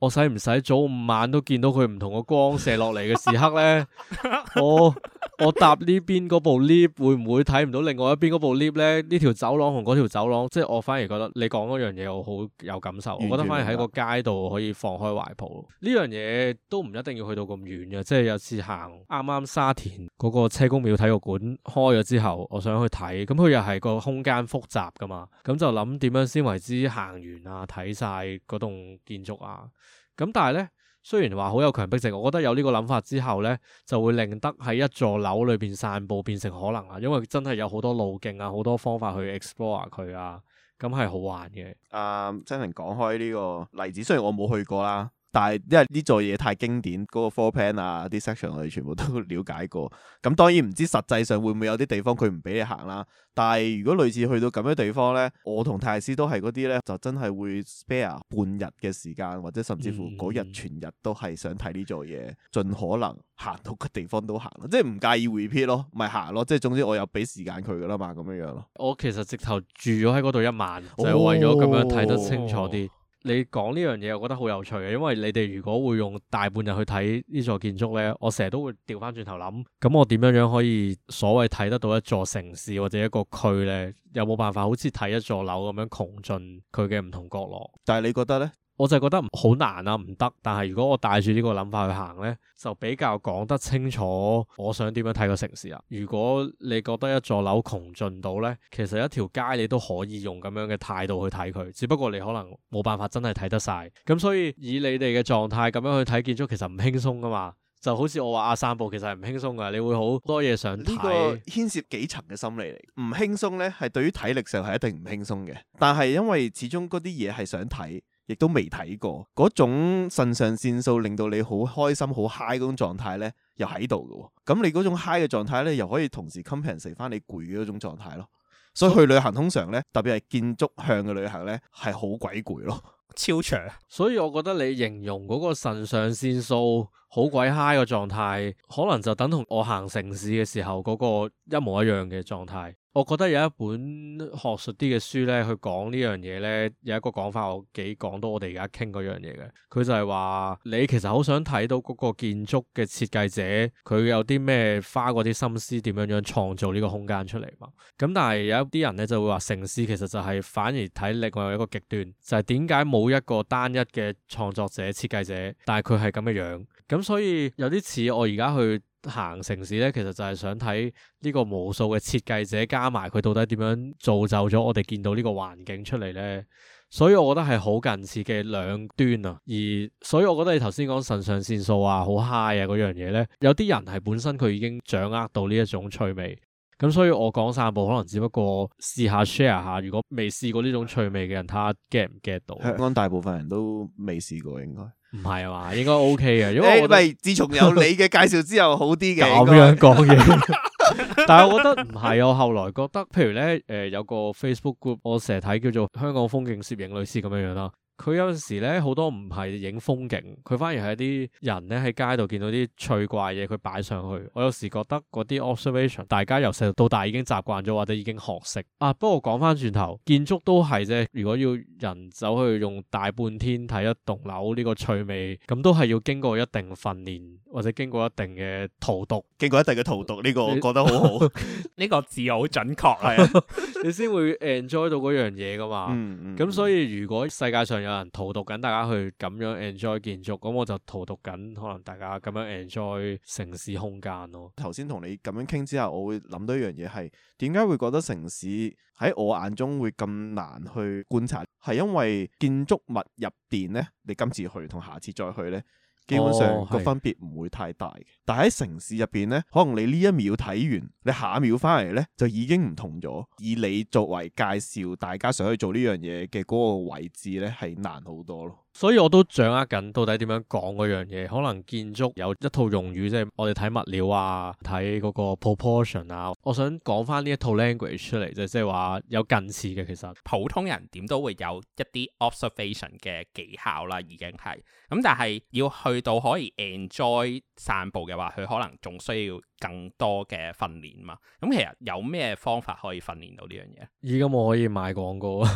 我使唔使早午晚都見到佢唔同嘅光射落嚟嘅時刻咧？ 我我搭呢邊嗰部 lift 會唔會睇唔到另外一邊嗰部 lift 咧？呢條走廊同嗰條走廊，即係我反而覺得你講嗰樣嘢我好有感受，完全 我覺得反而喺個街度可以。放開懷抱，呢樣嘢都唔一定要去到咁遠嘅，即係有次行，啱啱沙田嗰個車公廟體育館開咗之後，我想去睇，咁、嗯、佢又係個空間複雜噶嘛，咁、嗯、就諗點樣先為之行完啊，睇晒嗰棟建築啊，咁、嗯、但係咧，雖然話好有強迫性，我覺得有呢個諗法之後咧，就會令得喺一座樓裏邊散步變成可能啊，因為真係有好多路徑啊，好多方法去 explore 佢啊。咁係好玩嘅。啊真人講開呢個例子，雖然我冇去過啦。但係因為呢座嘢太經典，嗰個 floor plan 啊，啲 section 我哋全部都了解過。咁當然唔知實際上會唔會有啲地方佢唔俾你行啦。但係如果類似去到咁嘅地方咧，我同泰師都係嗰啲咧，就真係會 spare 半日嘅時間，或者甚至乎嗰日全日都係想睇呢座嘢，盡可能行到嘅地方都行，即係唔介意 repeat 咯，咪行咯。即係總之我有俾時間佢噶啦嘛，咁樣樣咯。我其實直頭住咗喺嗰度一晚，哦、就係為咗咁樣睇得清楚啲。你講呢樣嘢，我覺得好有趣嘅，因為你哋如果會用大半日去睇呢座建築咧，我成日都會調翻轉頭諗，咁我點樣樣可以所謂睇得到一座城市或者一個區咧，有冇辦法好似睇一座樓咁樣窮盡佢嘅唔同角落？但係你覺得咧？我就覺得好難啊，唔得。但係如果我帶住呢個諗法去行呢，就比較講得清楚我想點樣睇個城市啦。如果你覺得一座樓窮盡到呢，其實一條街你都可以用咁樣嘅態度去睇佢，只不過你可能冇辦法真係睇得晒。咁所以以你哋嘅狀態咁樣去睇建築，其實唔輕鬆噶嘛。就好似我話阿散步，其實係唔輕鬆噶，你會好多嘢想睇。呢個牽涉幾層嘅心理嚟。唔輕鬆呢係對於體力上係一定唔輕鬆嘅。但係因為始終嗰啲嘢係想睇。亦都未睇過嗰種腎上腺素令到你好開心，好嗨 i g h 嗰種狀態咧，又喺度嘅喎。咁你嗰種 h 嘅狀態呢，又可以同時 compensate 翻你攰嘅嗰種狀態咯。所以去旅行通常呢，特別係建築向嘅旅行呢，係好鬼攰咯，超長。所以我覺得你形容嗰個腎上腺素。好鬼嗨 i 嘅狀態，可能就等同我行城市嘅時候嗰個一模一樣嘅狀態。我覺得有一本學術啲嘅書咧，去講呢樣嘢咧，有一個講法，我幾講到我哋而家傾嗰樣嘢嘅。佢就係話你其實好想睇到嗰個建築嘅設計者，佢有啲咩花過啲心思，點樣樣創造呢個空間出嚟嘛。咁但係有一啲人咧就會話，城市其實就係反而睇另外一個極端，就係點解冇一個單一嘅創作者、設計者，但係佢係咁嘅樣。咁所以有啲似我而家去行城市咧，其實就係想睇呢個無數嘅設計者加埋佢到底點樣造就咗我哋見到呢個環境出嚟咧。所以我覺得係好近似嘅兩端啊。而所以，我覺得你頭先講腎上腺素啊、好 high 啊嗰樣嘢咧，有啲人係本身佢已經掌握到呢一種趣味。咁所以我講散步可能只不過試下 share 下，如果未試過呢種趣味嘅人，睇下 get 唔 get 到。香港大部分人都未試過應該。唔係啊嘛，應該 O K 嘅，因為我咪、欸、自從有你嘅介紹之後， 好啲嘅。咁樣講嘢， 但係我覺得唔係，我後來覺得，譬如咧，誒、呃、有個 Facebook group，我成日睇叫做香港風景攝影女師咁樣樣囉。佢有陣時咧，好多唔係影風景，佢反而係一啲人咧喺街度見到啲趣怪嘢，佢擺上去。我有時覺得嗰啲 observation，大家由細到大已經習慣咗，或者已經學識啊。不過講翻轉頭，建築都係啫。如果要人走去用大半天睇一棟樓呢個趣味，咁都係要經過一定訓練，或者經過一定嘅荼毒，經過一定嘅荼毒呢你 個，我覺得好好。呢 個字好準確啊！ 你先會 enjoy 到嗰樣嘢噶嘛？咁、嗯嗯嗯、所以如果世界上，有人荼毒緊大家去咁樣 enjoy 建築，咁我就荼毒緊可能大家咁樣 enjoy 城市空間咯。頭先同你咁樣傾之後，我會諗到一樣嘢係，點解會覺得城市喺我眼中會咁難去觀察？係因為建築物入邊呢，你今次去同下次再去呢。基本上、哦、個分別唔會太大嘅，但喺城市入邊呢，可能你呢一秒睇完，你下一秒翻嚟呢，就已經唔同咗。以你作為介紹，大家想去做呢樣嘢嘅嗰個位置呢，係難好多咯。所以我都掌握緊到底點樣講嗰樣嘢，可能建築有一套用語，即係我哋睇物料啊，睇嗰個 proportion 啊。我想講翻呢一套 language 出嚟，即係即係話有近似嘅。其實普通人點都會有一啲 observation 嘅技巧啦，已經係咁。但係要去到可以 enjoy 散步嘅話，佢可能仲需要更多嘅訓練嘛。咁其實有咩方法可以訓練到呢樣嘢？而家，哎、我可以買廣告啊，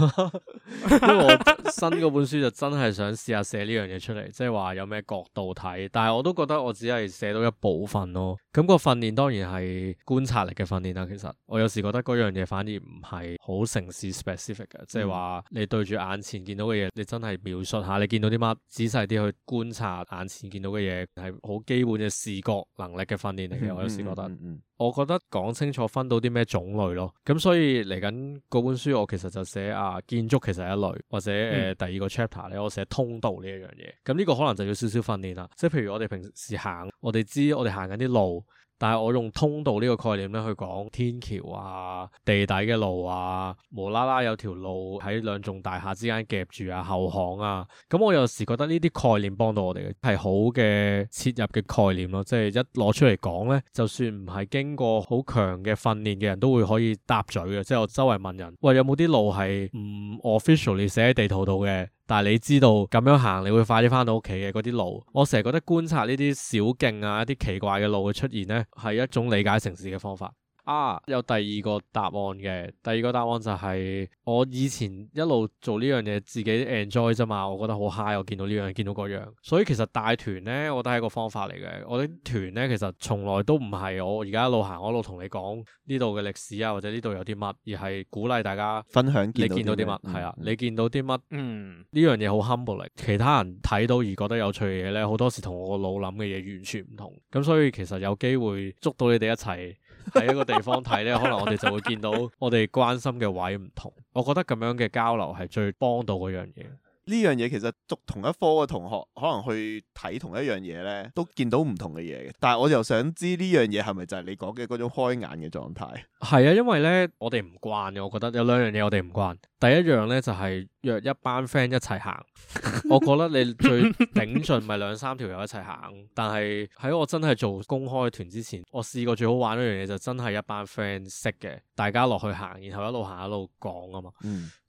不 因為新嗰本書就真係想。想試下寫呢樣嘢出嚟，即係話有咩角度睇，但係我都覺得我只係寫到一部分咯。咁個訓練當然係觀察力嘅訓練啦。其實我有時覺得嗰樣嘢反而唔係好城市 specific 嘅，嗯、即係話你對住眼前見到嘅嘢，你真係描述下你見到啲乜，仔細啲去觀察眼前見到嘅嘢，係好基本嘅視覺能力嘅訓練嚟嘅。我有時覺得。嗯嗯嗯嗯我覺得講清楚分到啲咩種類咯，咁所以嚟緊嗰本書我其實就寫啊建築其實係一類，或者誒、嗯呃、第二個 chapter 咧我寫通道呢一樣嘢，咁呢個可能就要少少訓練啦，即係譬如我哋平時行，我哋知我哋行緊啲路。但係我用通道呢個概念咧去講天橋啊、地底嘅路啊、無啦啦有條路喺兩幢大廈之間夾住啊、後巷啊，咁我有時覺得呢啲概念幫到我哋嘅係好嘅切入嘅概念咯，即係一攞出嚟講咧，就算唔係經過好強嘅訓練嘅人都會可以搭嘴嘅。即係我周圍問人，喂，有冇啲路係唔 officially 寫喺地圖度嘅？但係你知道咁樣行，你會快啲返到屋企嘅嗰啲路，我成日覺得觀察呢啲小徑啊、一啲奇怪嘅路嘅出現咧，係一種理解城市嘅方法。啊，有第二個答案嘅。第二個答案就係、是、我以前一路做呢樣嘢，自己 enjoy 啫嘛。我覺得好嗨。我見到呢樣，見到嗰樣。所以其實帶團咧，我都係個方法嚟嘅。我啲團咧，其實從來都唔係我而家一路行，我一路同你講呢度嘅歷史啊，或者呢度有啲乜，而係鼓勵大家分享。你見到啲乜？係啊，嗯、你見到啲乜？嗯，呢樣嘢好 humbling 其他人睇到而覺得有趣嘅嘢咧，好多時同我個腦諗嘅嘢完全唔同。咁所以其實有機會捉到你哋一齊。喺 一個地方睇呢，可能我哋就會見到我哋關心嘅位唔同。我覺得咁樣嘅交流係最幫到嗰樣嘢。呢樣嘢其實讀同一科嘅同學可能去睇同一樣嘢呢，都見到唔同嘅嘢。但係我又想知呢樣嘢係咪就係你講嘅嗰種開眼嘅狀態？係 啊，因為呢，我哋唔慣嘅。我覺得有兩樣嘢我哋唔慣。第一樣呢，就係、是。約一班 friend 一齊行， 我覺得你最頂盡咪兩三條友一齊行。但係喺我真係做公開團之前，我試過最好玩一樣嘢就真係一班 friend 識嘅，大家落去行，然後一路行一路講啊嘛。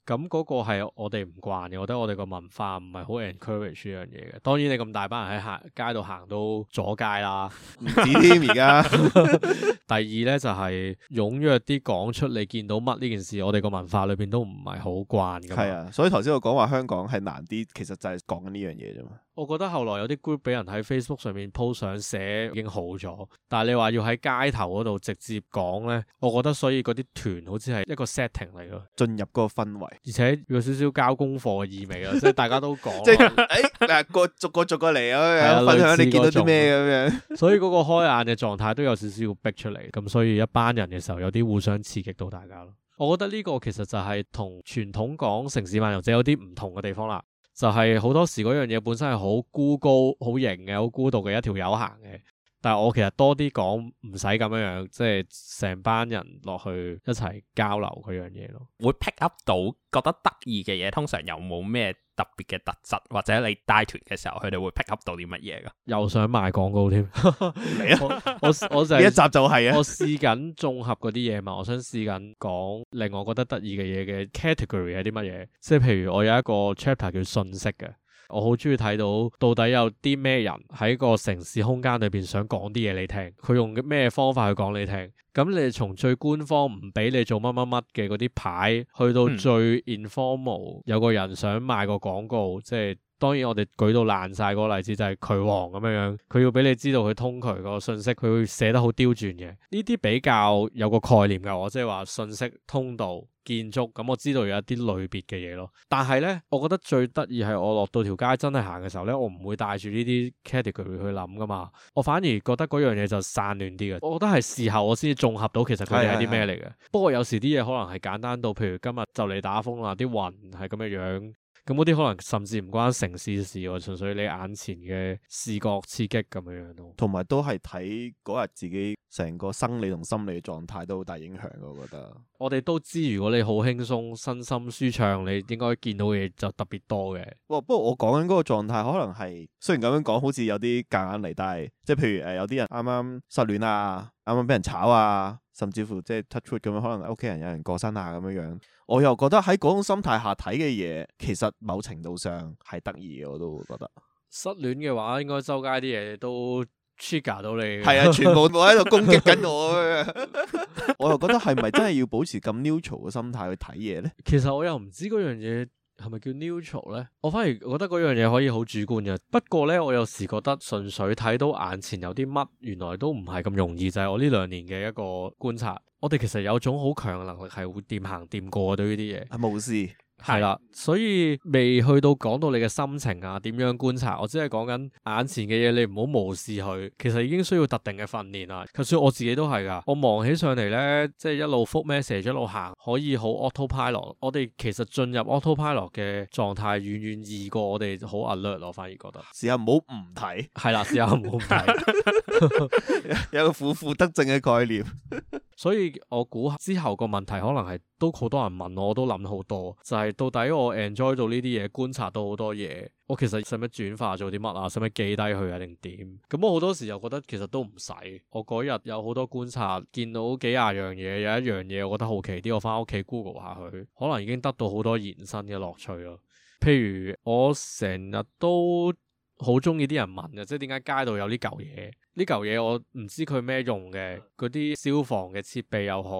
咁嗰個係我哋唔慣嘅，我覺得我哋個文化唔係好 encourage 呢樣嘢嘅。當然你咁大班人喺行街度行都阻街啦，唔止添。而家第二呢，就係踊躍啲講出你見到乜呢件事，我哋個文化裏邊都唔係好慣噶嘛。係啊，所以。頭先我講話香港係難啲，其實就係講緊呢樣嘢啫嘛。我覺得後來有啲 group 俾人喺 Facebook 上面鋪上寫已經好咗，但係你話要喺街頭嗰度直接講咧，我覺得所以嗰啲團好似係一個 setting 嚟咯，進入嗰個氛圍，而且有少少交功課嘅意味咯，所以大家都講。即係誒逐個逐個嚟，分享你見到啲咩咁樣。所以嗰個開眼嘅狀態都有少少要逼出嚟。咁 所以一班人嘅時候有啲互相刺激到大家咯。我覺得呢個其實就係同傳統講城市漫遊者有啲唔同嘅地方啦，就係好多時嗰樣嘢本身係好孤高、好型嘅、好孤獨嘅一條友行嘅。但係我其實多啲講唔使咁樣樣，即係成班人落去一齊交流嗰樣嘢咯，會 pick up 到覺得得意嘅嘢，通常又冇咩特別嘅特質，或者你帶團嘅時候佢哋會 pick up 到啲乜嘢㗎？又想賣廣告添，嚟啊！我我，我就係、 一集就係啊！我試緊綜合嗰啲嘢嘛，我想試緊講令我覺得得意嘅嘢嘅 category 係啲乜嘢？即係譬如我有一個 chapter 叫信息嘅。我好中意睇到到底有啲咩人喺個城市空間裏邊想講啲嘢你聽，佢用咩方法去講你聽，咁你從最官方唔畀你做乜乜乜嘅嗰啲牌，去到最 informal，有個人想賣個廣告，即係。當然，我哋舉到爛晒嗰個例子就係渠王咁樣樣，佢要俾你知道佢通渠個信息，佢會寫得好刁鑽嘅。呢啲比較有個概念㗎，我即係話信息通道建築咁、嗯，我知道有一啲類別嘅嘢咯。但係咧，我覺得最得意係我落到條街真係行嘅時候咧，我唔會帶住呢啲 category 去諗㗎嘛。我反而覺得嗰樣嘢就散亂啲嘅。我覺得係事後我先至綜合到其實佢哋係啲咩嚟嘅。是是是是，不過有時啲嘢可能係簡單到，譬如今日就嚟打風啦，啲雲係咁嘅樣。咁嗰啲可能甚至唔關城市事喎、啊，純粹你眼前嘅視覺刺激咁樣樣咯。同埋都係睇嗰日自己成個生理同心理嘅狀態都好大影響，我覺得。我哋都知，如果你好輕鬆、身心舒暢，你應該見到嘅嘢，就特別多嘅、哦。不過不過，我講緊嗰個狀態，可能係雖然咁樣講，好似有啲夾硬嚟，但係即係譬如誒、呃，有啲人啱啱失戀啊。啱啱俾人炒啊，甚至乎即係 touch wood 咁樣，可能屋企人有人過身啊，咁樣樣，我又覺得喺嗰種心態下睇嘅嘢，其實某程度上係得意嘅，我都覺得。失戀嘅話，應該周街啲嘢都 trigger 到你。係啊，全部都喺度攻擊緊我。 我又覺得係咪真係要保持咁 neutral 嘅心態去睇嘢咧？其實我又唔知嗰樣嘢。係咪叫 neutral 咧？我反而覺得嗰樣嘢可以好主觀嘅。不過咧，我有時覺得純粹睇到眼前有啲乜，原來都唔係咁容易。就係我呢兩年嘅一個觀察，我哋其實有種好強嘅能力係會掂行掂過對呢啲嘢。係冇事。係啦，的所以未去到講到你嘅心情啊，點樣觀察，我只係講緊眼前嘅嘢，你唔好無視佢。其實已經需要特定嘅訓練啦。就算我自己都係噶，我忙起上嚟咧，即係一路複 message 一路行，可以好 auto pilot。我哋其實進入 auto pilot 嘅狀態，遠遠易過我哋好 alert 囉。我反而覺得，試下唔好唔睇。係啦，試下唔好唔睇，有個負負得正嘅概念。 所以我估之後個問題可能係都好多人問我都，都諗好多就係、是。到底我 enjoy 到呢啲嘢，觀察到好多嘢，我其實使唔使轉化做啲乜啊？使唔使記低佢啊？定點？咁我好多時候又覺得其實都唔使。我嗰日有好多觀察，見到幾廿樣嘢，有一樣嘢我覺得好奇啲，我翻屋企 Google 下佢，可能已經得到好多延伸嘅樂趣咯。譬如我成日都好中意啲人問嘅，即係點解街度有呢嚿嘢？呢嚿嘢我唔知佢咩用嘅，嗰啲消防嘅設備又好，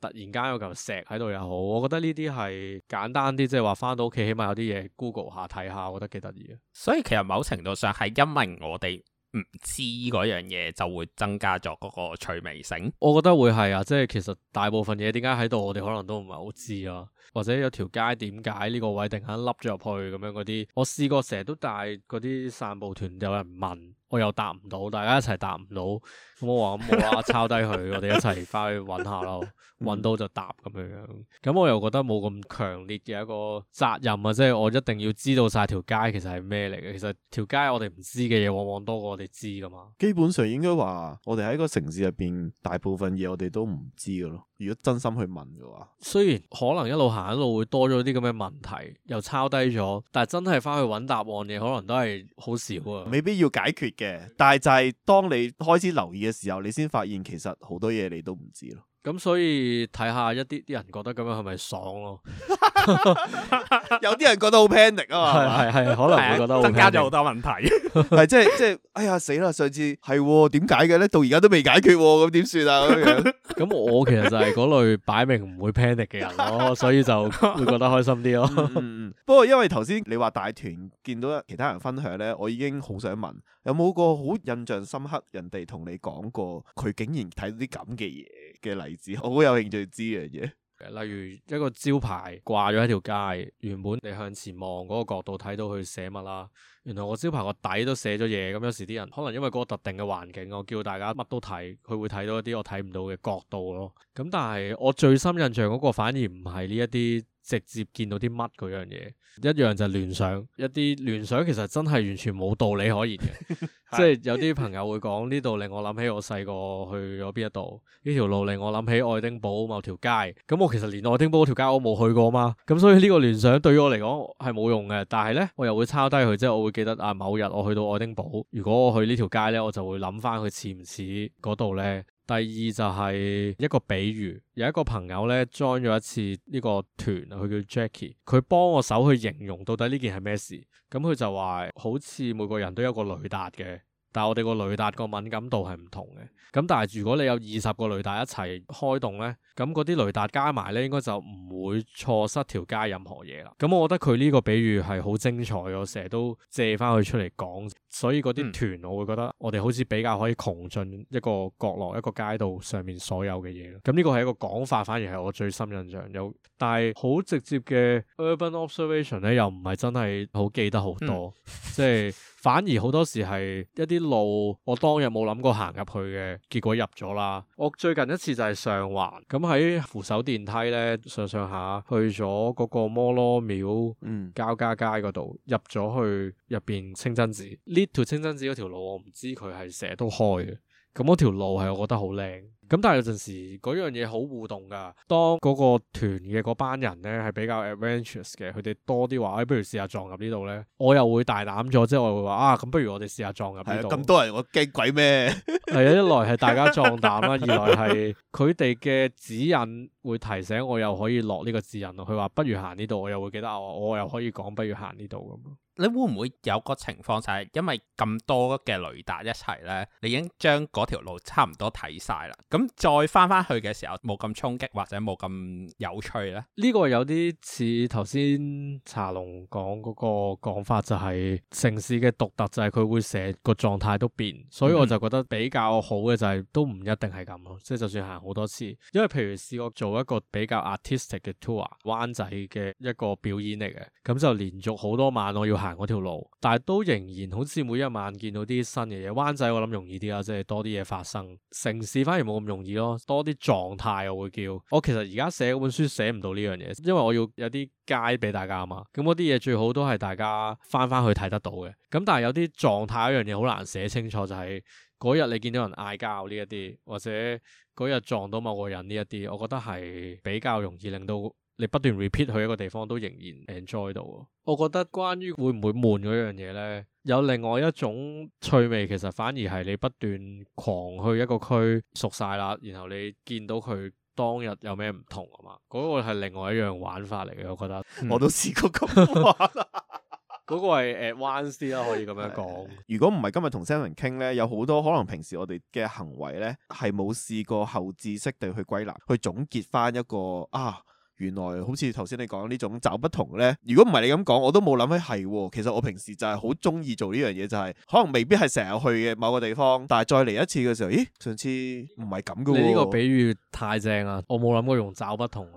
突然間有嚿石喺度又好，我覺得呢啲係簡單啲，即係話翻到屋企起碼有啲嘢 Google 下睇下，我覺得幾得意。所以其實某程度上係因為我哋唔知嗰樣嘢，就會增加咗嗰個趣味性。我覺得會係啊，即係其實大部分嘢點解喺度，我哋可能都唔係好知啊。或者有條街點解呢個位定係凹咗入去咁樣嗰啲，我試過成日都帶嗰啲散步團，有人問，我又答唔到，大家一齊答唔到，我話咁冇啊，嗯、 我抄低佢，我哋一齊翻去搵下咯，搵到就答咁樣樣。咁、嗯嗯、我又覺得冇咁強烈嘅一個責任啊，即、就、係、是、我一定要知道晒條街其實係咩嚟嘅。其實條街我哋唔知嘅嘢往往多過我哋知噶嘛。基本上應該話，我哋喺個城市入邊，大部分嘢我哋都唔知噶咯。如果真心去問嘅話，雖然可能一路。行喺路會多咗啲咁嘅問題，又抄低咗，但係真係翻去揾答案嘅可能都係好少啊，未必要解決嘅。但係就係當你開始留意嘅時候，你先發現其實好多嘢你都唔知咯。咁所以睇下一啲啲人覺得咁樣係咪爽咯？ 有啲人覺得好 panic 啊嘛，係係係，可能會覺得 增加咗好多問題。 係即係即係，哎呀死啦！上次係點解嘅咧？到而家都未解決，咁點算啊？咁、啊、 我其實就係嗰類擺明唔會 panic 嘅人咯，所以就會覺得開心啲咯、 嗯。不過 因為頭先你話大團見到其他人分享咧，我已經好想問，有冇個好印象深刻，人哋同你講過，佢竟然睇到啲咁嘅嘢。嘅例子，我好有興趣知一樣嘢。例如一個招牌掛咗喺條街，原本你向前望嗰個角度睇到佢寫乜啦，原來我招牌個底都寫咗嘢。咁有時啲人可能因為嗰個特定嘅環境，我叫大家乜都睇，佢會睇到一啲我睇唔到嘅角度咯。咁但係我最深印象嗰個反而唔係呢一啲。直接見到啲乜嗰樣嘢，一樣就聯想，一啲聯想其實真係完全冇道理可言嘅。 即係有啲朋友會講呢度令我諗起我細個去咗邊一度，呢條路令我諗起愛丁堡某條街。咁我其實連愛丁堡嗰條街我都冇去過嘛，咁所以呢個聯想對於我嚟講係冇用嘅。但係呢，我又會抄低佢，即係我會記得啊。某日我去到愛丁堡，如果我去呢條街呢，我就會諗翻佢似唔似嗰度呢。第二就係一個比喻，有一個朋友呢 join 咗一次呢個團，佢叫 Jackie，佢幫我手去形容到底呢件係咩事，咁佢就話好似每個人都有個雷達嘅。但係我哋個雷達個敏感度係唔同嘅，咁但係如果你有二十個雷達一齊開動咧，咁嗰啲雷達加埋咧，應該就唔會錯失條街任何嘢啦。咁我覺得佢呢個比喻係好精彩，我成日都借翻佢出嚟講，所以嗰啲團我會覺得我哋好似比較可以窮盡一個角落，一個街道上面所有嘅嘢咯。咁呢個係一個講法，反而係我最深印象。有但係好直接嘅 urban observation 咧，又唔係真係好記得好多，嗯、即係。反而好多時係一啲路，我當日冇諗過行入去嘅，結果入咗啦。我最近一次就係上環，咁喺扶手電梯咧上上下去咗嗰個摩羅廟、交加街嗰度，入咗去入邊清真寺。呢、嗯、條清真寺嗰條路，我唔知佢係成日都開嘅。咁嗰、嗯、條路係我覺得好靚，咁但係有陣時嗰樣嘢好互動㗎。當嗰個團嘅嗰班人呢係比較 adventurous 嘅，佢哋多啲話，哎，不如試下撞入呢度呢？我又會大膽咗，之後我又會話啊，咁不如我哋試下撞入呢度。咁多人我驚鬼咩？係 啊、哎，一來係大家壯膽啦，二來係佢哋嘅指引會提醒我又可以落呢個指引咯。佢話不如行呢度，我又會記得我，我又可以講不如行呢度咁。你會唔會有個情況就係因為咁多嘅雷達一齊咧，你已經將嗰條路差唔多睇晒啦。咁再返返去嘅時候，冇咁衝擊或者冇咁有趣咧。呢個有啲似頭先茶龍講嗰個講法，就係城市嘅獨特就係佢會成個狀態都變，所以我就覺得比較好嘅就係都唔一定係咁咯。即係就算行好多次，因為譬如試過做一個比較 artistic 嘅 tour，灣仔嘅一個表演嚟嘅，咁就連續好多晚我要行，嗰條路，但係都仍然好似每一晚見到啲新嘅嘢。灣仔我諗容易啲啊，即係多啲嘢發生。城市反而冇咁容易咯，多啲狀態我會叫。我其實而家寫本書寫唔到呢樣嘢，因為我要有啲街俾大家啊嘛。咁嗰啲嘢最好都係大家翻翻去睇得到嘅。咁但係有啲狀態一樣嘢好難寫清楚，就係嗰日你見到人嗌交呢一啲，或者嗰日撞到某個人呢一啲，我覺得係比較容易令到。你不斷 repeat 去一個地方都仍然 enjoy 到。我覺得關於會唔會悶嗰樣嘢呢，有另外一種趣味，其實反而係你不斷狂去一個區熟晒啦，然後你見到佢當日有咩唔同啊嘛，嗰個係另外一樣玩法嚟嘅。我覺得我都試過咁玩啦，嗰個係 advanced 啦，可以咁樣講，呃。如果唔係今日同 Sampson 傾呢，有好多可能平時我哋嘅行為呢，係冇試過後置式地去歸納、去總結翻一個啊。原來好似頭先你講呢種找不同咧，如果唔係你咁講，我都冇諗起係喎。其實我平時就係好中意做呢樣嘢，就係、是、可能未必係成日去嘅某個地方，但係再嚟一次嘅時候，咦？上次唔係咁嘅喎。你呢個比喻太正啦，我冇諗過用找不同。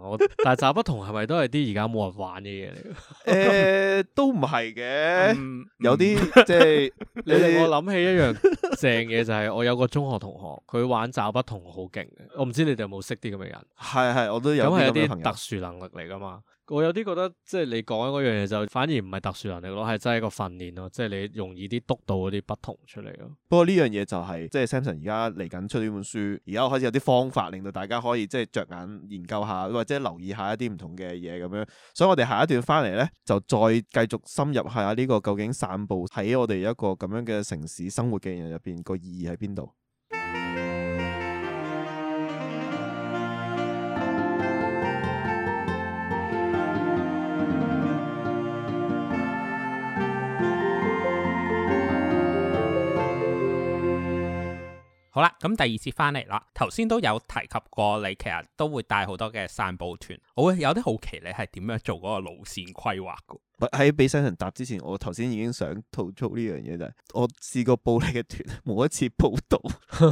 但係找不同係咪都係啲而家冇人玩嘅嘢嚟？誒、 欸，都唔係嘅，嗯、有啲即係你令我諗起一樣正嘢，就係我有個中學同學，佢 玩找不同好勁嘅。我唔知你哋有冇識啲咁嘅人？係係，我都有一啲特殊能力嚟噶嘛？我有啲覺得，即係你講嗰樣嘢就反而唔係特殊能力咯，係真係一個訓練咯。即係你容易啲督到嗰啲不同出嚟咯。不過呢樣嘢就係，即係 Samson 而家嚟緊出呢本書，而家開始有啲方法令到大家可以即係着眼研究下，或者留意下一啲唔同嘅嘢咁樣。所以我哋下一段翻嚟咧，就再繼續深入下呢個究竟散步喺我哋一個咁樣嘅城市生活嘅人入邊個意義喺邊度。嗯好啦，咁第二次翻嚟啦，頭先都有提及過，你其實都會帶好多嘅散步團，我會有啲好奇你係點樣做嗰個路線規劃？喺俾新人答之前，我頭先已經想吐槽呢樣嘢就係，我試過報你嘅團，冇一次報到。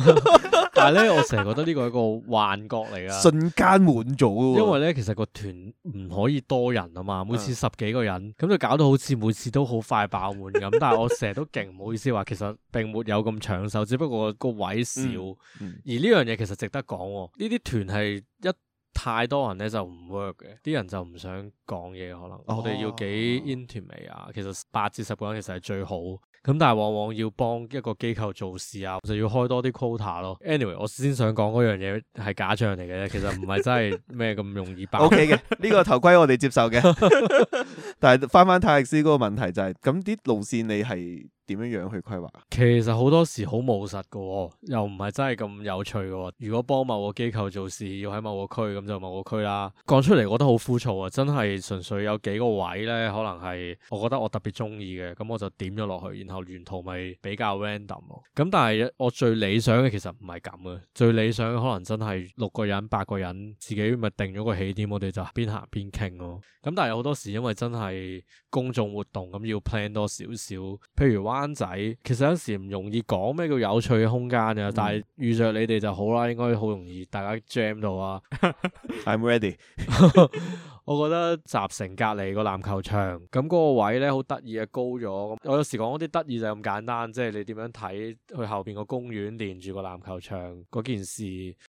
但係咧，我成日覺得呢個係一個幻覺嚟噶瞬間滿咗，因為咧其實個團唔可以多人啊嘛，每次十幾個人，咁、嗯、就搞到好似每次都好快爆滿咁。但係我成日都勁，唔好意思話，其實並沒有咁搶手，只不過個位少。嗯嗯、而呢樣嘢其實值得講、啊，呢啲團係一。太多人咧就唔 work 嘅，啲人就唔想講嘢，可能我 imate、哦。我哋要幾 intimate 啊，其實八至十個人其實係最好。咁但係往往要幫一個機構做事啊，就要開多啲 quota 咯。Anyway，我先想講嗰樣嘢係假象嚟嘅咧， 其實唔係真係咩咁容易，okay 的。O K 嘅，呢個頭盔我哋接受嘅。 但係返返泰力斯嗰個問題就係，咁啲路線你係點樣樣去規劃？其實好多時好冇實㗎喎，又唔係真係咁有趣㗎喎。如果幫某個機構做事要喺某個區，咁就某個區啦。講出嚟我覺得好枯燥啊！真係純粹有幾個位呢，可能係我覺得我特別中意嘅，咁我就點咗落去，然後沿途咪比較 random 噉。咁但係我最理想嘅其實唔係咁嘅，最理想可能真係六個人、八個人，自己咪定咗個起點，我哋就邊行邊傾咯。咁但係好多時因為真係。係公眾活動咁要 plan 多少少，譬如灣仔，其實有時唔容易講咩叫有趣嘅空間啊。嗯、但係遇着你哋就好啦，應該好容易大家 jam 到啊。 I'm ready。 我覺得集成隔籬個籃球場，咁嗰個位呢好得意啊，高咗。我有時講嗰啲得意就咁簡單，即係你點樣睇去後邊個公園連住個籃球場嗰件事，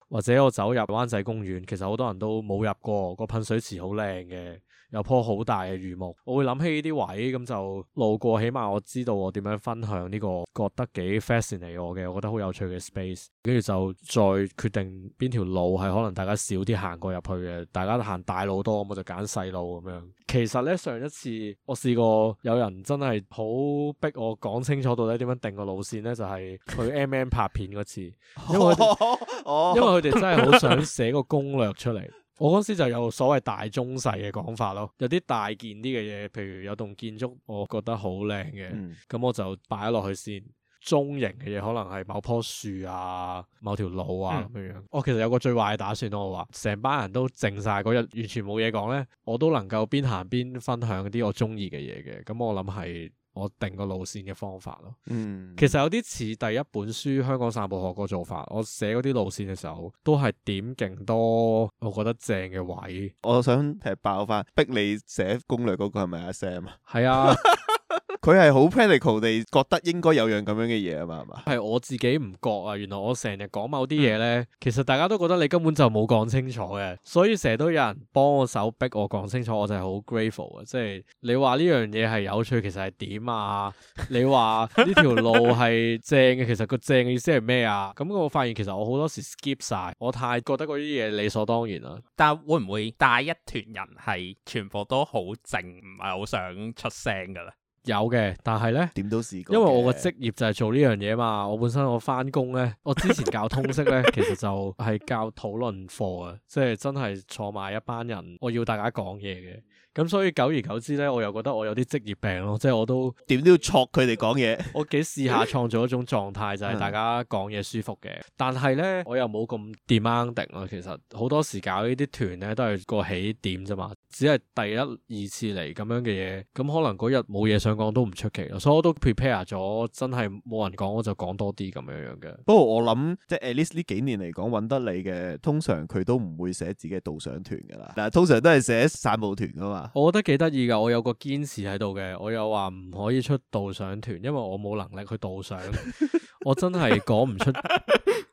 或者我走入灣仔公園，其實好多人都冇入過個噴水池，好靚嘅。有棵好大嘅魚木，我會諗起呢啲位，咁就路過，起碼我知道我點樣分享呢、呢個覺得幾 fascinating 我嘅，我覺得好有趣嘅 space，跟住就再決定邊條路係可能大家少啲行過入去嘅，大家行大路多，我就揀細路咁樣。其實呢，上一次我試過有人真係好逼我講清楚到底點樣定個路線呢就係、係、去 M M 拍片嗰次，因為 因為佢哋真係好想寫個攻略出嚟。我嗰時就有所謂大中細嘅講法咯，有啲大件啲嘅嘢，譬如有棟建築，我覺得好靚嘅，咁、嗯、我就擺咗落去先。中型嘅嘢可能係某棵樹啊、某條路啊咁樣、嗯、樣。我、哦、其實有個最壞嘅打算咯，我話成班人都靜晒嗰日，完全冇嘢講咧，我都能夠邊行邊分享啲我中意嘅嘢嘅。咁我諗係，我定個路線嘅方法咯，嗯，其實有啲似第一本書《香港散步學》個做法。我寫嗰啲路線嘅時候，都係點勁多我覺得正嘅位。我想係爆翻逼你寫攻略嗰、嗰個係咪阿 Sam 啊？係啊。佢係好 practical 地覺得應該有樣咁樣嘅嘢啊嘛，係嘛？係我自己唔覺啊，原來我成日講某啲嘢咧，嗯、其實大家都覺得你根本就冇講清楚嘅，所以成日都有人幫我手逼我講清楚，我就係好 grateful 嘅。即係你話呢樣嘢係有趣，其實係點啊？你話呢條路係正嘅， 其實個正嘅意思係咩啊？咁我發現其實我好多時 skip 晒，我太覺得嗰啲嘢理所當然啦。但會唔會帶一團人係全部都好靜，唔係好想出聲噶啦？有嘅，但係咧，點都試過。因為我個職業就係做呢樣嘢嘛。我本身我返工咧，我之前教通識咧， 其實就係教討論課啊，即係真係坐埋一班人，我要大家講嘢嘅。咁所以久而久之咧，我又覺得我有啲職業病咯，即係我都點都要戳佢哋講嘢。 我幾試下創造一種狀態，就係、是、大家講嘢舒服嘅。 但係咧，我又冇咁 demanding 咯。其實好多時搞呢啲團咧，都係個起點啫嘛。只係第一二次嚟咁樣嘅嘢，咁可能嗰日冇嘢想講都唔出奇，所以我都 prepare 咗，真係冇人講我就講多啲咁樣樣嘅。不過我諗，即係 at least 呢幾年嚟講揾得你嘅，通常佢都唔會寫自己導賞團噶啦，但係通常都係寫散步團噶嘛。我覺得幾得意噶，我有個堅持喺度嘅，我又話唔可以出導賞團，因為我冇能力去導賞， 我真係講唔出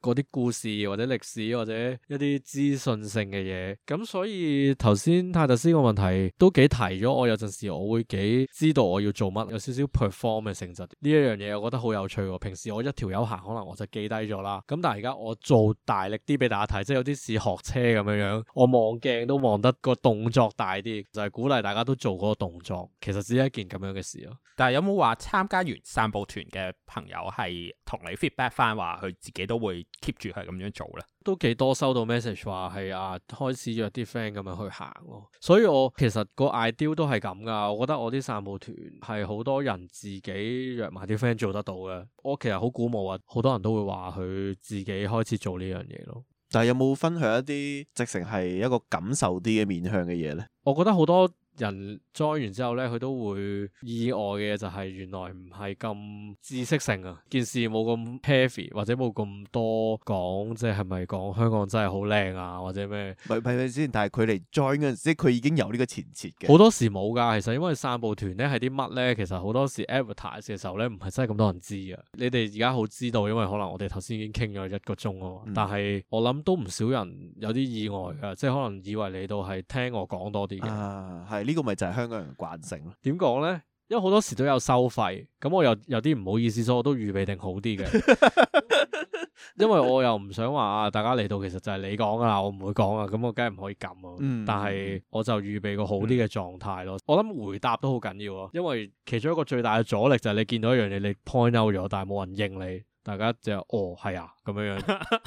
嗰啲故事或者歷史或者一啲資訊性嘅嘢，咁所以頭先呢個問題都幾提咗，我有陣時我會幾知道我要做乜，有少少 perform 嘅性質。呢一樣嘢我覺得好有趣喎。平時我一條友行可能我就記低咗啦。咁但係而家我做大力啲俾大家睇，即係有啲似學車咁樣樣，我望鏡都望得個動作大啲，就係、是、鼓勵大家都做嗰個動作。其實只係一件咁樣嘅事咯。但係有冇話參加完散步團嘅朋友係同你 feedback 翻話佢自己都會 keep 住係咁樣做咧？都幾多收到 message 話係啊，開始約啲 friend 咁樣去行咯。所以我其實個 idea 都係咁噶。我覺得我啲散步團係好多人自己約埋啲 friend 做得到嘅。我其實好鼓舞啊，好多人都會話佢自己開始做呢樣嘢咯。但係有冇分享一啲直情係一個感受啲嘅面向嘅嘢呢？我覺得好多。人 join 完之後咧，佢都會意外嘅就係原來唔係咁知識性啊，件事冇咁 heavy 或者冇咁多講，即係係咪講香港真係好靚啊或者咩？咪咪咪先，但係佢嚟 join 嗰陣佢已經有呢個前設嘅。好多時冇噶，其實因為散步團咧係啲乜咧，其實好多時 advertise 嘅時候咧，唔係真係咁多人知噶。你哋而家好知道，因為可能我哋頭先已經傾咗一個鐘啊嘛。嗯、但係我諗都唔少人有啲意外噶，即係可能以為你到係聽我講多啲嘅。係、啊。呢個咪就係香港人慣性咯？點講咧？因為好多時都有收費，咁我又有啲唔好意思，所以我都預備定好啲嘅。 因為我又唔想話啊，大家嚟到其實就係你講噶啦，我唔會講啊，咁我梗係唔可以咁啊。嗯、但係我就預備個好啲嘅狀態咯。嗯、我諗回答都好緊要咯，因為其中一個最大嘅阻力就係你見到一樣嘢，你 point out 咗，但係冇人應你，大家就哦係啊咁樣樣，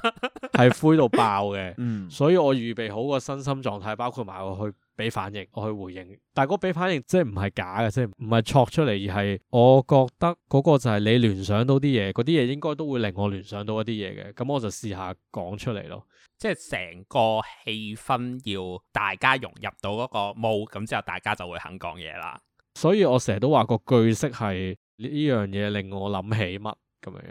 係 灰到爆嘅。嗯、所以我預備好個身心狀態，包括埋我去。俾反應，我去回應。但係嗰俾反應即係唔係假嘅，即係唔係戳出嚟，而係我覺得嗰個就係你聯想到啲嘢，嗰啲嘢應該都會令我聯想到一啲嘢嘅。咁我就試下講出嚟咯。即係成個氣氛要大家融入到嗰個 mood，咁之後大家就會肯講嘢啦。所以我成日都話個句式係呢樣嘢令我諗起乜咁樣。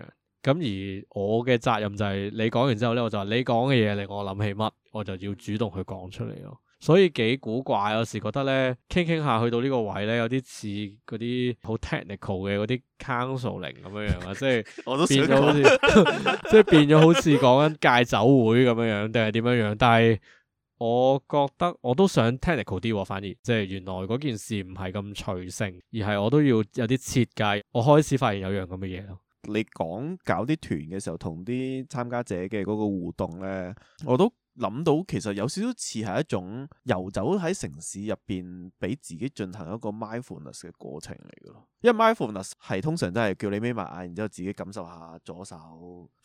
咁而我嘅責任就係、是、你講完之後咧，我就話你講嘅嘢令我諗起乜，我就要主動去講出嚟咯。所以幾古怪聊聊，有時覺得咧傾傾下去到呢個位咧，有啲似嗰啲好 technical 嘅嗰啲 counseling 咁樣樣啊，即係我都變咗好似，即係變咗好似講緊戒酒會咁樣樣，定係點樣樣？但係我覺得我都想 technical 啲喎，反而即係原來嗰件事唔係咁隨性，而係我都要有啲設計。我開始發現有樣咁嘅嘢咯。你講搞啲團嘅時候，同啲參加者嘅嗰個互動咧，我都，諗到其實有少少似係一種遊走喺城市入邊，俾自己進行一個 mindfulness 嘅過程嚟嘅咯。因為 mindfulness 係通常都係叫你眯埋眼，然之後自己感受下左手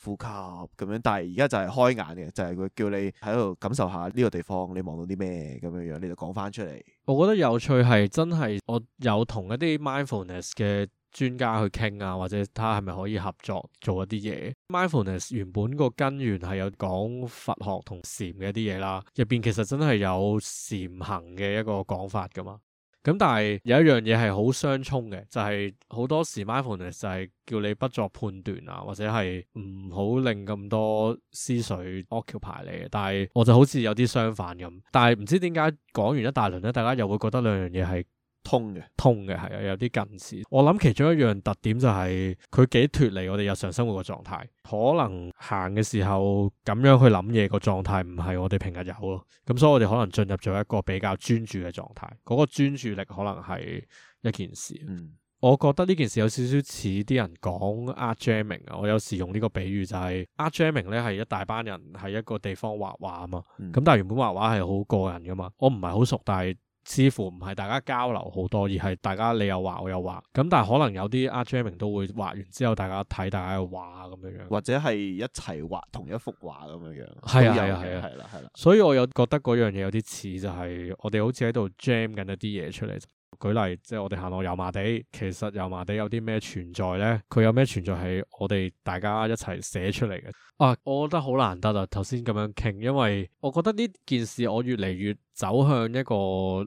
呼吸咁樣。但係而家就係開眼嘅，就係佢叫你喺度感受下呢個地方，你望到啲咩咁樣樣，你就講翻出嚟。我覺得有趣係真係，我有同一啲 mindfulness 嘅。專家去傾啊，或者他係咪可以合作做一啲嘢？Mindfulness 原本個根源係有講佛學同禪嘅一啲嘢啦，入邊其實真係有禪行嘅一個講法噶嘛。咁但係有一樣嘢係好相沖嘅，就係好多時 Mindfulness 就係叫你不作判斷啊，或者係唔好令咁多思緒 occupy 你嘅。但係我就好似有啲相反咁。但係唔知點解講完一大輪咧，大家又會覺得兩樣嘢係。通嘅，通嘅係啊，有啲近似。我諗其中一樣特點就係佢幾脱離我哋日常生活嘅狀態。可能行嘅時候咁樣去諗嘢個狀態唔係我哋平日有咯。咁所以我哋可能進入咗一個比較專注嘅狀態。嗰、那個專注力可能係一件事。嗯、我覺得呢件事有少少似啲人講 art jamming 啊。我有時用呢個比喻就係 art jamming 咧係一大班人喺一個地方畫畫啊嘛。咁、嗯、但係原本畫畫係好個人噶嘛。我唔係好熟，但係。似乎唔係大家交流好多，而係大家你又畫，我又畫。咁但係可能有啲 art jamming 都會畫完之後大，大家睇，大家嘅畫咁樣樣，或者係一齊畫同一幅畫咁樣樣。係啊係啊係啦係啦。所以我有覺得嗰樣嘢有啲似就係、是、我哋好似喺度 Jam 緊一啲嘢出嚟。舉例，即、就、係、是、我哋行落油麻地，其實油麻地有啲咩存在咧？佢有咩存在係我哋大家一齊寫出嚟嘅？啊，我覺得好難得啊！頭先咁樣傾，因為我覺得呢件事我越嚟越。走向一個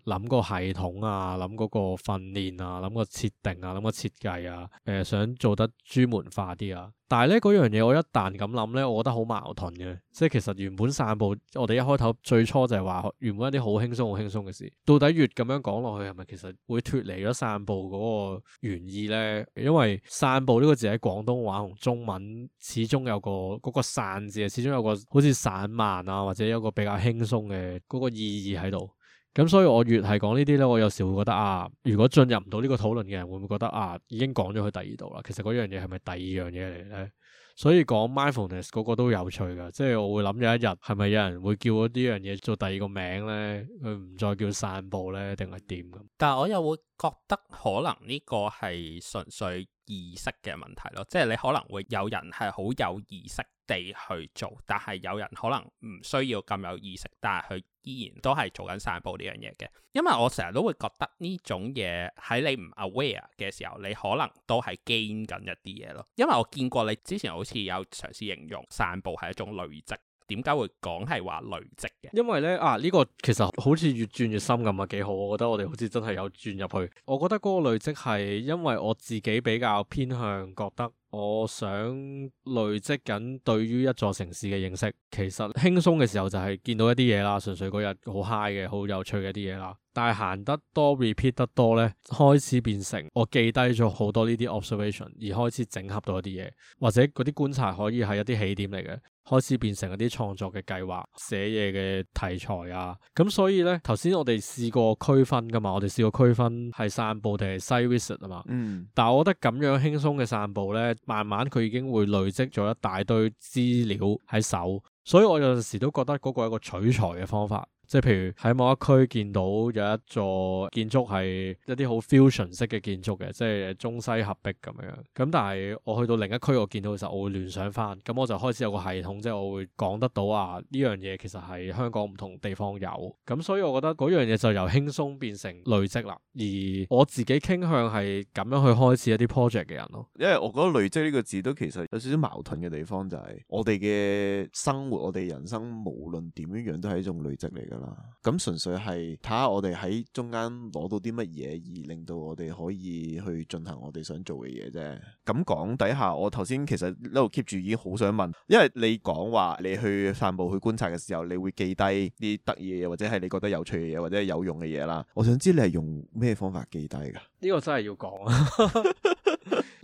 諗個系統啊，諗個個訓練啊，諗個設定啊，諗個設計啊，誒、呃、想做得專門化啲啊。但係咧樣嘢，我一旦咁諗咧，我覺得好矛盾嘅。即係其實原本散步，我哋一開頭最初就係話原本一啲好輕鬆好輕鬆嘅事。到底越咁樣講落去，係咪其實會脫離咗散步個原意咧？因為散步呢個字喺廣東話同中文，始終有個、嗰個散字，啊始終有個好似散漫啊，或者有個比較輕鬆嘅個意義。喺度，咁所以我越係講呢啲咧，我有時會覺得啊，如果進入唔到呢個討論嘅人，會唔會覺得啊，已經講咗去第二度啦？其實嗰樣嘢係咪第二樣嘢嚟咧？所以講 mindfulness 嗰個都有趣噶，即係我會諗有一日，係咪有人會叫呢樣嘢做第二個名咧？佢唔再叫散步咧，定係點咁？但係我又會。覺得可能呢個係純粹意識嘅問題咯，即係你可能會有人係好有意識地去做，但係有人可能唔需要咁有意識，但係佢依然都係做緊散步呢樣嘢嘅。因為我成日都會覺得呢種嘢喺你唔 aware 嘅時候，你可能都係 gain 緊一啲嘢咯。因為我見過你之前好似有嘗試形容散步係一種累積。點解會講係話累積嘅？因為咧啊呢個其實好似越轉越深咁啊，幾好。我覺得我哋好似真係有轉入去。我覺得嗰個累積係因為我自己比較偏向覺得，我想累積緊對於一座城市嘅認識。其實輕鬆嘅時候就係見到一啲嘢啦，純粹嗰日好嗨嘅，好有趣嘅一啲嘢啦。但係行得多 repeat 得多咧，開始變成我記低咗好多呢啲 observation，而開始整合到一啲嘢，或者嗰啲觀察可以係一啲起點嚟嘅，開始變成一啲創作嘅計劃、寫嘢嘅題材啊。咁所以咧，頭先我哋試過區分㗎嘛，我哋試過區分係散步定係 site visit 啊嘛。嗯。但係我覺得咁樣輕鬆嘅散步咧，慢慢佢已經會累積咗一大堆資料喺手，所以我有陣時都覺得嗰個係一個取材嘅方法。即係譬如喺某一區見到有一座建築係一啲好 fusion 式嘅建築嘅，即係中西合璧咁樣。咁但係我去到另一區，我見到嘅時候，我會聯想翻。咁我就開始有個系統，即係我會講得到啊，呢樣嘢其實係香港唔同地方有。咁所以我覺得嗰樣嘢就由輕鬆變成累積啦。而我自己傾向係咁樣去開始一啲 project 嘅人咯。因為我覺得累積呢個字都其實有少少矛盾嘅地方，就係我哋嘅生活，我哋人生無論點樣樣都係一種累積嚟嘅。啦，咁純粹係睇下我哋喺中間攞到啲乜嘢，而令到我哋可以去進行我哋想做嘅嘢啫。咁講底下，我頭先其實呢度 keep 住已經好想問，因為你講話你去散步去觀察嘅時候，你會記低啲得意嘢，或者係你覺得有趣嘅嘢，或者有用嘅嘢啦。我想知你係用咩方法記低㗎？呢個真係要講啊！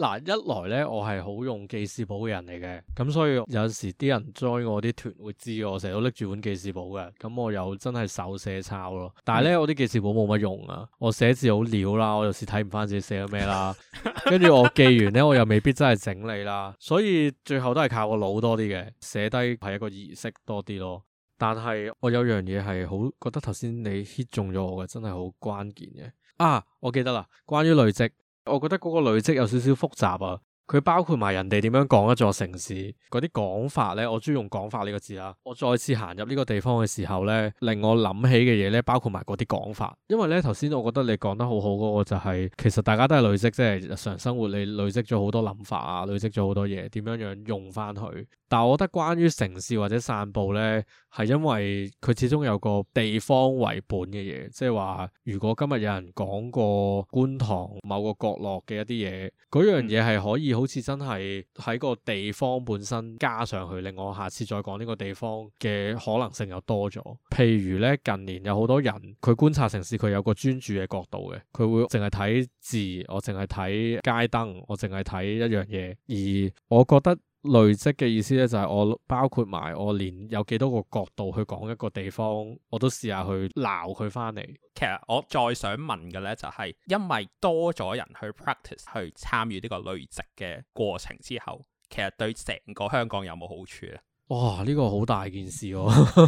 嗱，一來咧，我係好用記事簿嘅人嚟嘅，咁所以有時啲人 join 我啲團會知我成日都拎住本記事簿嘅，咁我又真係手寫抄咯。但係咧，嗯、我啲記事簿冇乜用啊，我寫字好潦啦，我有時睇唔翻自己寫咗咩啦，跟住 我記完咧，我又未必真係整理啦，所以最後都係靠個腦多啲嘅，寫低係一個儀式多啲咯。但係我有樣嘢係好覺得頭先你 hit 中咗我嘅，真係好關鍵嘅啊！我記得啦，關於累積。我覺得嗰個累積有少少複雜啊，佢包括埋人哋點樣講一座城市嗰啲講法咧，我中意用講法呢個字啊。我再次行入呢個地方嘅時候咧，令我諗起嘅嘢咧，包括埋嗰啲講法。因為咧，頭先我覺得你講得好好嗰個就係，其實大家都係累積，即係日常生活你累積咗好多諗法啊，累積咗好多嘢，點樣樣用翻去。但係我覺得關於城市或者散步咧。係因為佢始終有個地方為本嘅嘢，即係話，如果今日有人講過觀塘某個角落嘅一啲嘢，嗰樣嘢係可以好似真係喺個地方本身加上去，令我下次再講呢個地方嘅可能性又多咗。譬如咧，近年有好多人佢觀察城市，佢有個專注嘅角度嘅，佢會淨係睇字，我淨係睇街燈，我淨係睇一樣嘢，而我覺得。累積嘅意思咧，就係我包括埋我連有幾多個角度去講一個地方，我都試下去鬧佢翻嚟。其實我再想問嘅咧，就係因為多咗人去 practice 去參與呢個累積嘅過程之後，其實對成個香港有冇好處咧？哇！呢個好大件事喎，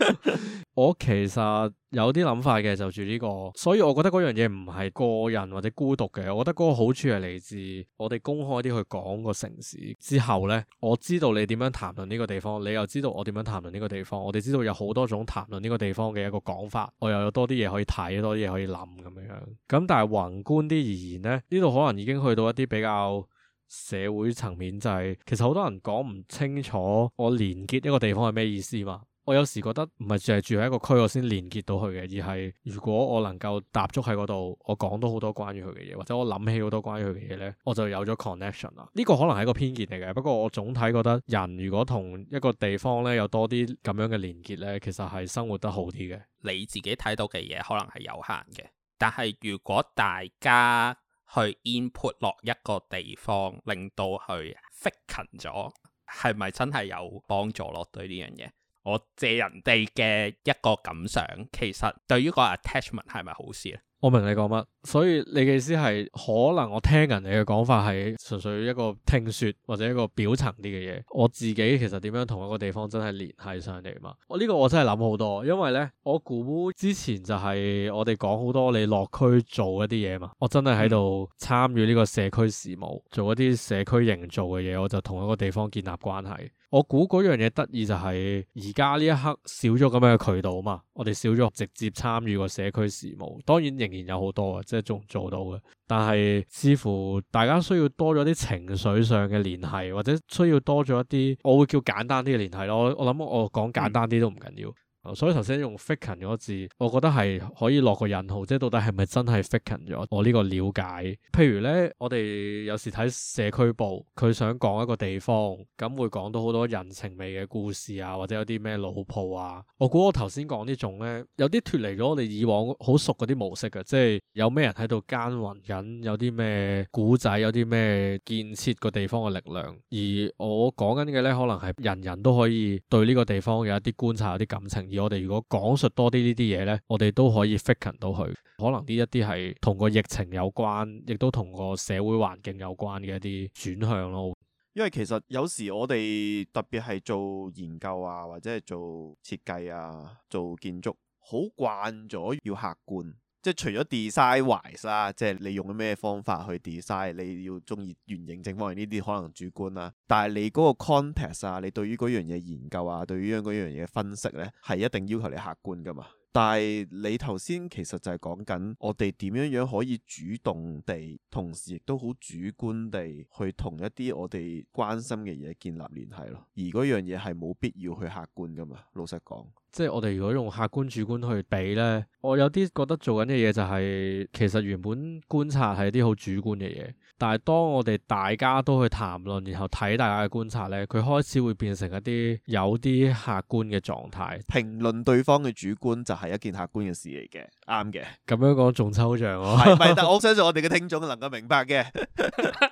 我其實有啲諗法嘅就住呢個，所以我覺得嗰樣嘢唔係個人或者孤獨嘅，我覺得嗰個好處係嚟自我哋公開啲去講個城市之後咧，我知道你點樣談論呢個地方，你又知道我點樣談論呢個地方，我哋知道有好多種談論呢個地方嘅一個講法，我又有多啲嘢可以睇，多啲嘢可以諗咁樣，咁但係宏觀啲而言咧，呢度可能已經去到一啲比較社會層面就係，其實好多人講唔清楚我連結一個地方係咩意思嘛。我有時覺得唔係淨係住喺一個區我先連結到佢嘅，而係如果我能夠踏足喺嗰度，我講到好多關於佢嘅嘢，或者我諗起好多關於佢嘅嘢呢，我就有咗 connection 啦。呢個可能係一個偏見嚟嘅，不過我總體覺得人如果同一個地方呢有多啲咁樣嘅連結呢，其實係生活得好啲嘅。你自己睇到嘅嘢可能係有限嘅，但係如果大家去 input 落一個地方，令到去 fit 勤咗，係咪真係有幫助落，對呢樣嘢。我借人哋嘅一個感想，其實對於個 attachment 係咪好事呢？我明你講乜，所以你嘅意思係可能我聽人哋嘅講法係純粹一個聽説或者一個表層啲嘅嘢。我自己其實點樣同一個地方真係聯繫上嚟嘛？我呢個我真係諗好多，因為呢，我估之前就係我哋講好多你落區做一啲嘢嘛，我真係喺度參與呢個社區事務，做一啲社區營造嘅嘢，我就同一個地方建立關係。我估嗰樣嘢得意就係而家呢一刻少咗咁樣嘅渠道啊嘛，我哋少咗直接參與個社區事務，當然仍然有好多嘅，即係仲做，做到嘅，但係似乎大家需要多咗啲情緒上嘅聯繫，或者需要多咗一啲，我會叫簡單啲嘅聯繫咯。我我諗我講簡單啲都唔緊要。嗯所以頭先用 fiction 嗰字，我覺得係可以落個引號，即係到底係咪真係 fiction 咗我呢個了解？譬如咧，我哋有時睇社區報，佢想講一個地方，咁會講到好多人情味嘅故事啊，或者有啲咩老鋪啊。我估我頭先講種呢種咧，有啲脫離咗我哋以往好熟嗰啲模式嘅、啊，即係有咩人喺度耕耘緊，有啲咩古仔，有啲咩建設個地方嘅力量。而我講緊嘅咧，可能係人人都可以對呢個地方有一啲觀察、有啲感情。而我哋如果講述多啲呢啲嘢，呢我哋都可以 fix 到佢。可能呢一啲係同個疫情有關，亦都同個社會環境有關嘅一啲選項咯。因為其實有時我哋特別係做研究啊，或者係做設計啊、做建築，好慣咗要客觀。即係除咗 design wise 啦、啊，即係你用咗咩方法去 design，你要中意圓形正方形呢啲可能主觀啦、啊，但係你嗰個 context 啊，你對於嗰樣嘢研究啊，對於嗰樣嘢分析咧，係一定要求你客觀噶嘛。但係你頭先其實就係講緊我哋點樣樣可以主動地，同時亦都好主觀地去同一啲我哋關心嘅嘢建立聯繫咯。而嗰樣嘢係冇必要去客觀噶嘛，老實講。即係我哋如果用客觀主觀去比咧，我有啲覺得做緊嘅嘢，就係其實原本觀察係一啲好主觀嘅嘢，但係當我哋大家都去談論，然後睇大家嘅觀察咧，佢開始會變成一啲有啲客觀嘅狀態。評論對方嘅主觀就係一件客觀嘅事嚟嘅，啱嘅。咁樣講仲抽象咯，係 咪？但我相信我哋嘅聽眾都能夠明白嘅。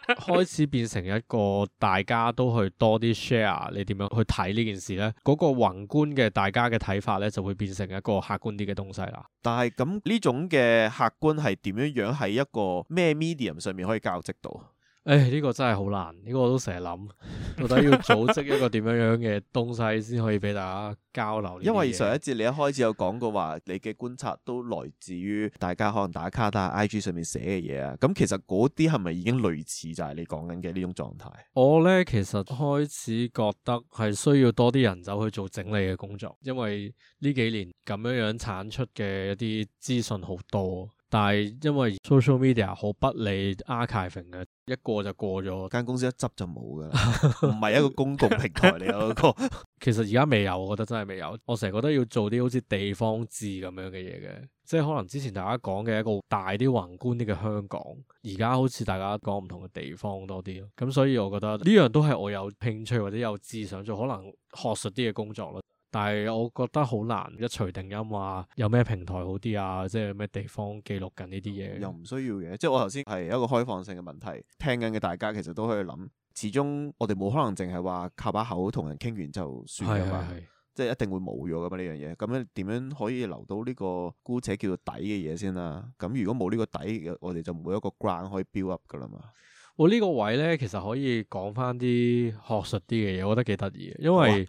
開始變成一個大家都去多啲 share，你點樣去睇呢件事咧？嗰個宏觀嘅大家嘅睇。睇法咧就會變成一個客觀啲嘅東西啦。但係咁呢種嘅客觀係點樣樣喺一個咩 medium 上面可以教識到？誒，呢個真係好難，呢個我都成日諗，到底要組織一個點樣樣嘅東西先可以俾大家交流。 因為上一節你一開始有講過話，你嘅觀察都來自於大家可能打卡但係 I G 上面寫嘅嘢啊，咁其實嗰啲係咪已經類似就係你講緊嘅呢種狀態？我咧其實開始覺得係需要多啲人走去做整理嘅工作，因為呢幾年咁樣樣產出嘅一啲資訊好多。但係，因為 social media 好不利 archive 嘅，一過就過咗，間公司一執就冇噶啦，唔係一個公共平台嚟嗰個。其實而家未有，我覺得真係未有。我成日覺得要做啲好似地方志咁樣嘅嘢嘅，即係可能之前大家講嘅一個大啲、宏觀啲嘅香港，而家好似大家講唔同嘅地方多啲咯。咁所以，我覺得呢樣都係我有興趣或者有志想做，可能學術啲嘅工作咯。但係我覺得好難一錘定音話，有咩平台好啲啊？即係咩地方記錄緊呢啲嘢又唔需要嘅，即係我頭先係一個開放性嘅問題。聽緊嘅大家其實都可以諗，始終我哋冇可能淨係話靠把口同人傾完就算噶嘛，是是是即係一定會冇咗噶嘛呢樣嘢。咁樣點樣可以留到呢個姑且叫做底嘅嘢先啦？咁如果冇呢個底我哋就唔會一個 ground 可以 build up 噶啦嘛。我呢個位咧，其實可以講翻啲學術啲嘅嘢，我覺得幾得意嘅。因為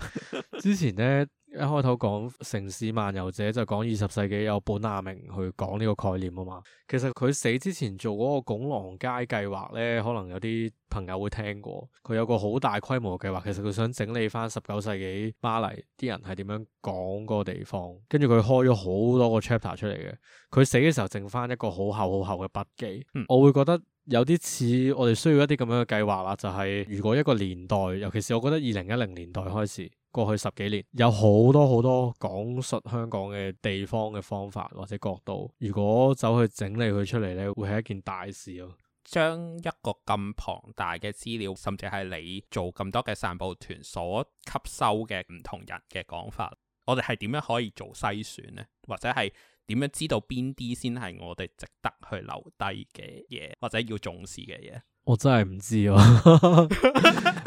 之前咧 一開頭講城市漫遊者，就講二十世紀有本雅明去講呢個概念啊嘛。其實佢死之前做嗰個拱廊街計劃咧，可能有啲朋友會聽過。佢有個好大規模嘅計劃，其實佢想整理翻十九世紀巴黎啲人係點樣講個地方，跟住佢開咗好多個 chapter 出嚟嘅。佢死嘅時候剩翻一個好厚好厚嘅筆記，嗯、我會覺得。有啲似我哋需要一啲咁樣嘅計劃啦，就係如果一個年代，尤其是我覺得二零一零年代開始，過去十幾年有好多好多講述香港嘅地方嘅方法或者角度，如果走去整理佢出嚟咧，會係一件大事咯。將一個咁龐大嘅資料，甚至係你做咁多嘅散步團所吸收嘅唔同人嘅講法，我哋係點樣可以做篩選咧，或者係？點樣知道邊啲先係我哋值得去留低嘅嘢，或者要重視嘅嘢？我真係唔知哦。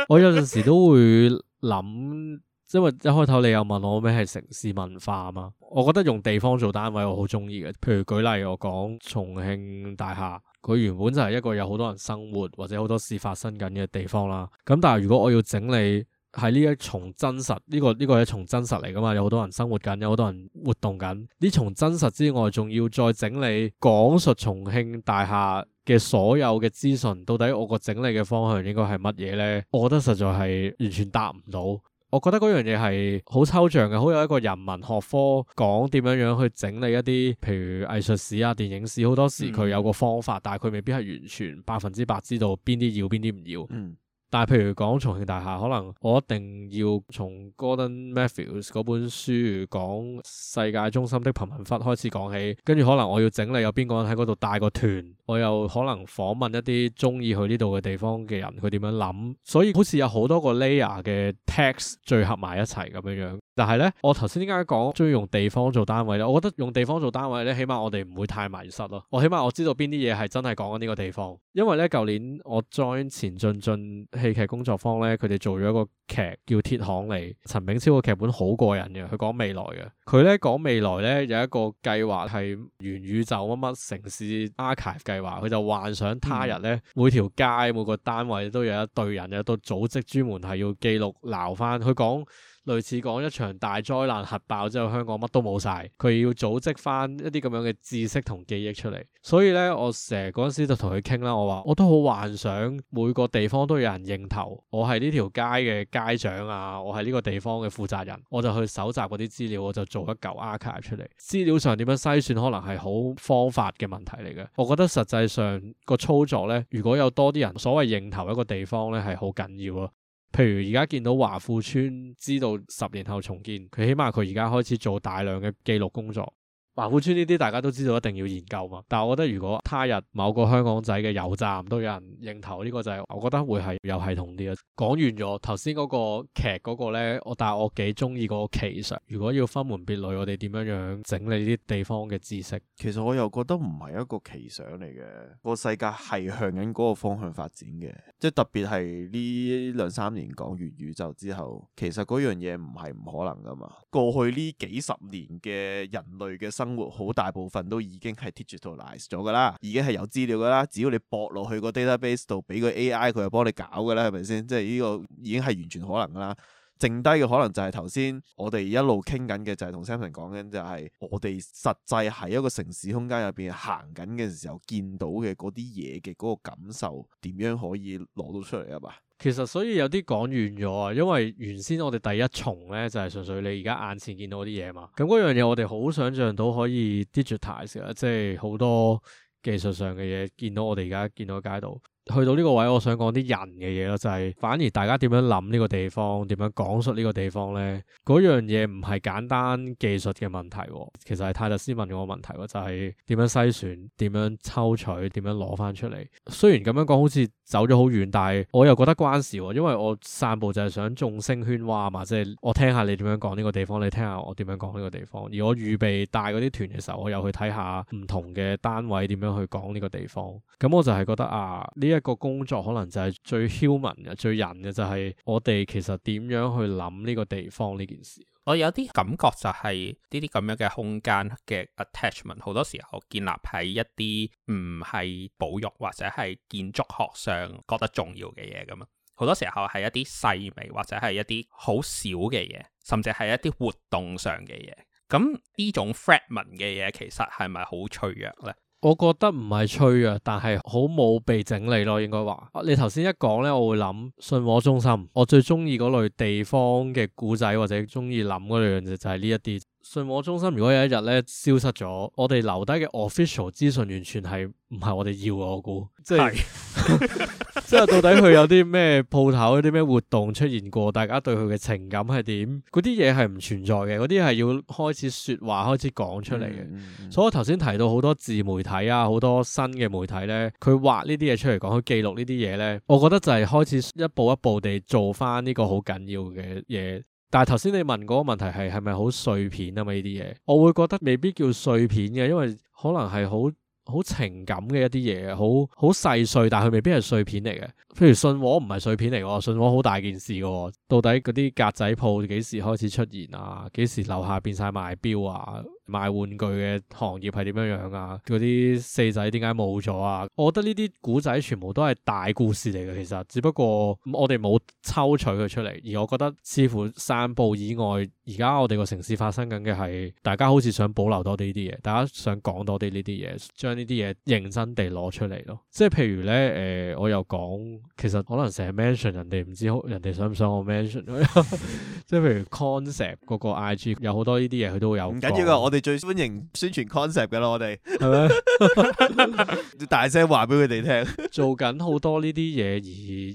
我有陣時都會諗，因為一開頭你又問我咩係城市文化嘛。我覺得用地方做單位，我好中意嘅。譬如舉例，我講重慶大廈，佢原本就係一個有好多人生活或者好多事發生緊嘅地方啦。咁但係如果我要整理。喺呢一重真實，呢、這個呢、這個係一重真實嚟噶嘛？有好多人生活緊，有好多人活動緊。呢重真實之外，仲要再整理講述重慶大廈嘅所有嘅資訊，到底我個整理嘅方向應該係乜嘢咧？我覺得實在係完全答唔到。我覺得嗰樣嘢係好抽象嘅，好有一個人文學科講點樣樣去整理一啲，譬如藝術史啊、電影史，好多時佢有個方法，嗯、但係佢未必係完全百分之百知道邊啲要、邊啲唔要。嗯。但係譬如講重慶大廈，可能我一定要從 Gordon Matthews 嗰本書講世界中心的貧民窟開始講起，跟住可能我要整理有邊個人喺嗰度帶個團，我又可能訪問一啲中意去呢度嘅地方嘅人，佢點樣諗，所以好似有好多個 layer 嘅 text 聚合埋一齊咁樣樣。但係呢，我頭先點解講中意用地方做單位呢？我覺得用地方做單位呢，起碼我哋唔會太迷失咯。我起碼我知道邊啲嘢係真係講緊呢個地方，因為呢，舊年我 join 前進進。戲劇工作坊咧，佢哋做咗一個劇叫《鐵行》。嚟，陳炳超個劇本好過癮嘅，佢講未來嘅，佢咧講未來咧有一個計劃係元宇宙乜乜城市 archive 計劃，佢就幻想他日咧每條街每個單位都有一隊人，有到組織專門係要記錄撈翻，佢講。類似講一場大災難核爆之後，香港乜都冇晒，佢要組織翻一啲咁樣嘅知識同記憶出嚟。所以咧，我成日嗰陣時就同佢傾啦，我話我都好幻想每個地方都有人認頭，我係呢條街嘅街長啊，我係呢個地方嘅負責人，我就去搜集嗰啲資料，我就做一嚿 archive 出嚟。資料上點樣篩選，可能係好方法嘅問題嚟嘅。我覺得實際上個操作咧，如果有多啲人所謂認頭一個地方咧，係好緊要咯。譬如而家見到華富村，知道十年後重建，佢起碼佢而家開始做大量嘅記錄工作。華富村呢啲大家都知道一定要研究嘛，但係我覺得如果他日某個香港仔嘅油站都有人認頭呢、呢個就係，我覺得會係有系統啲啊。講完咗頭先嗰個劇嗰個咧，但我但係我幾中意個奇想。如果要分門別類，我哋點樣樣整理啲地方嘅知識？其實我又覺得唔係一個奇想嚟嘅，個世界係向緊嗰個方向發展嘅，即係特別係呢兩三年講元宇宙之後，其實嗰樣嘢唔係唔可能噶嘛。過去呢幾十年嘅人類嘅生生活好大部分都已經係 digitalize 咗噶啦，已經係有資料噶啦。只要你駁落去個 database 度，俾個 AI 佢就幫你搞噶啦，係咪先？即係呢個已經係完全可能噶啦。剩低嘅可能就係頭先我哋一路傾緊嘅，就係同 Sampson 講緊就係我哋實際喺一個城市空間入邊行緊嘅時候見到嘅嗰啲嘢嘅嗰個感受，點樣可以攞到出嚟啊？嘛？其實所以有啲講遠咗啊，因為原先我哋第一重咧就係、是、純粹你而家眼前見到啲嘢嘛，咁嗰樣嘢我哋好想象到可以 digitize 嘅，即係好多技術上嘅嘢見到我哋而家見到街道，去到呢個位，我想講啲人嘅嘢咯，就係、是、反而大家點樣諗呢個地方，點樣講述呢個地方咧，嗰樣嘢唔係簡單技術嘅問題，其實係泰勒斯問我嘅問題，就係點樣篩選，點樣抽取，點樣攞翻出嚟。雖然咁樣講，好似。走咗好遠，但係我又覺得關事哦，因為我散步就係想眾聲喧嘩啊嘛，即係我聽下你點樣講呢個地方，你聽下我點樣講呢個地方。而我預備帶嗰啲團嘅時候，我又去睇下唔同嘅單位點樣去講呢個地方。咁我就係覺得啊，呢一個工作可能就係最 human 嘅，最人嘅，就係我哋其實點樣去諗呢個地方呢件事。我有啲感覺就係呢啲咁樣嘅空間嘅 attachment，好多時候建立喺一啲唔係保育或者係建築學上覺得重要嘅嘢咁啊，好多時候係一啲細微或者係一啲好小嘅嘢，甚至係一啲活動上嘅嘢。咁呢種 fragment 嘅嘢，其實係咪好脆弱咧？我覺得唔係吹啊但係好冇被整理咯，應該話。啊，你頭先一講呢，我會諗信和中心，我最中意嗰類地方嘅古仔，或者中意諗嗰樣就就係呢一啲，信和中心如果有一日咧消失咗，我哋留低嘅 official 資訊完全係唔係我哋要嘅，我估即係 即係到底佢有啲咩鋪頭、啲咩活動出現過，大家對佢嘅情感係點？嗰啲嘢係唔存在嘅，嗰啲係要開始說話、開始講出嚟嘅。嗯嗯嗯、所以我頭先提到好多自媒體啊，好多新嘅媒體咧，佢畫呢啲嘢出嚟講，佢記錄呢啲嘢咧，我覺得就係開始一步一步地做翻呢個好緊要嘅嘢。但係頭先你問嗰個問題係係咪好碎片啊嘛？呢啲嘢，我會覺得未必叫碎片嘅，因為可能係好好情感嘅一啲嘢，好好細碎，但係佢未必係碎片嚟嘅。譬如信和唔係碎片嚟嘅，信和好大件事嘅。到底嗰啲格仔鋪幾時開始出現啊？幾時樓下變晒賣錶啊？賣玩具嘅行業係點樣樣啊？嗰啲四仔點解冇咗啊？我覺得呢啲古仔全部都係大故事嚟嘅，其實只不過我哋冇抽取佢出嚟。而我覺得，似乎散步以外，而家我哋個城市發生緊嘅係，大家好似想保留多啲呢啲嘢，大家想講多啲呢啲嘢，將呢啲嘢認真地攞出嚟咯。即係譬如咧，誒、呃，我又講，其實可能成日 mention 人哋，唔知人哋想唔想我 mention。 即係譬如 concept 嗰個 IG 有好多呢啲嘢，佢都有。唔緊要噶，我哋。我最歡迎宣傳 concept 嘅啦，我哋係咪？要大聲話俾佢哋聽，做緊好多呢啲嘢。而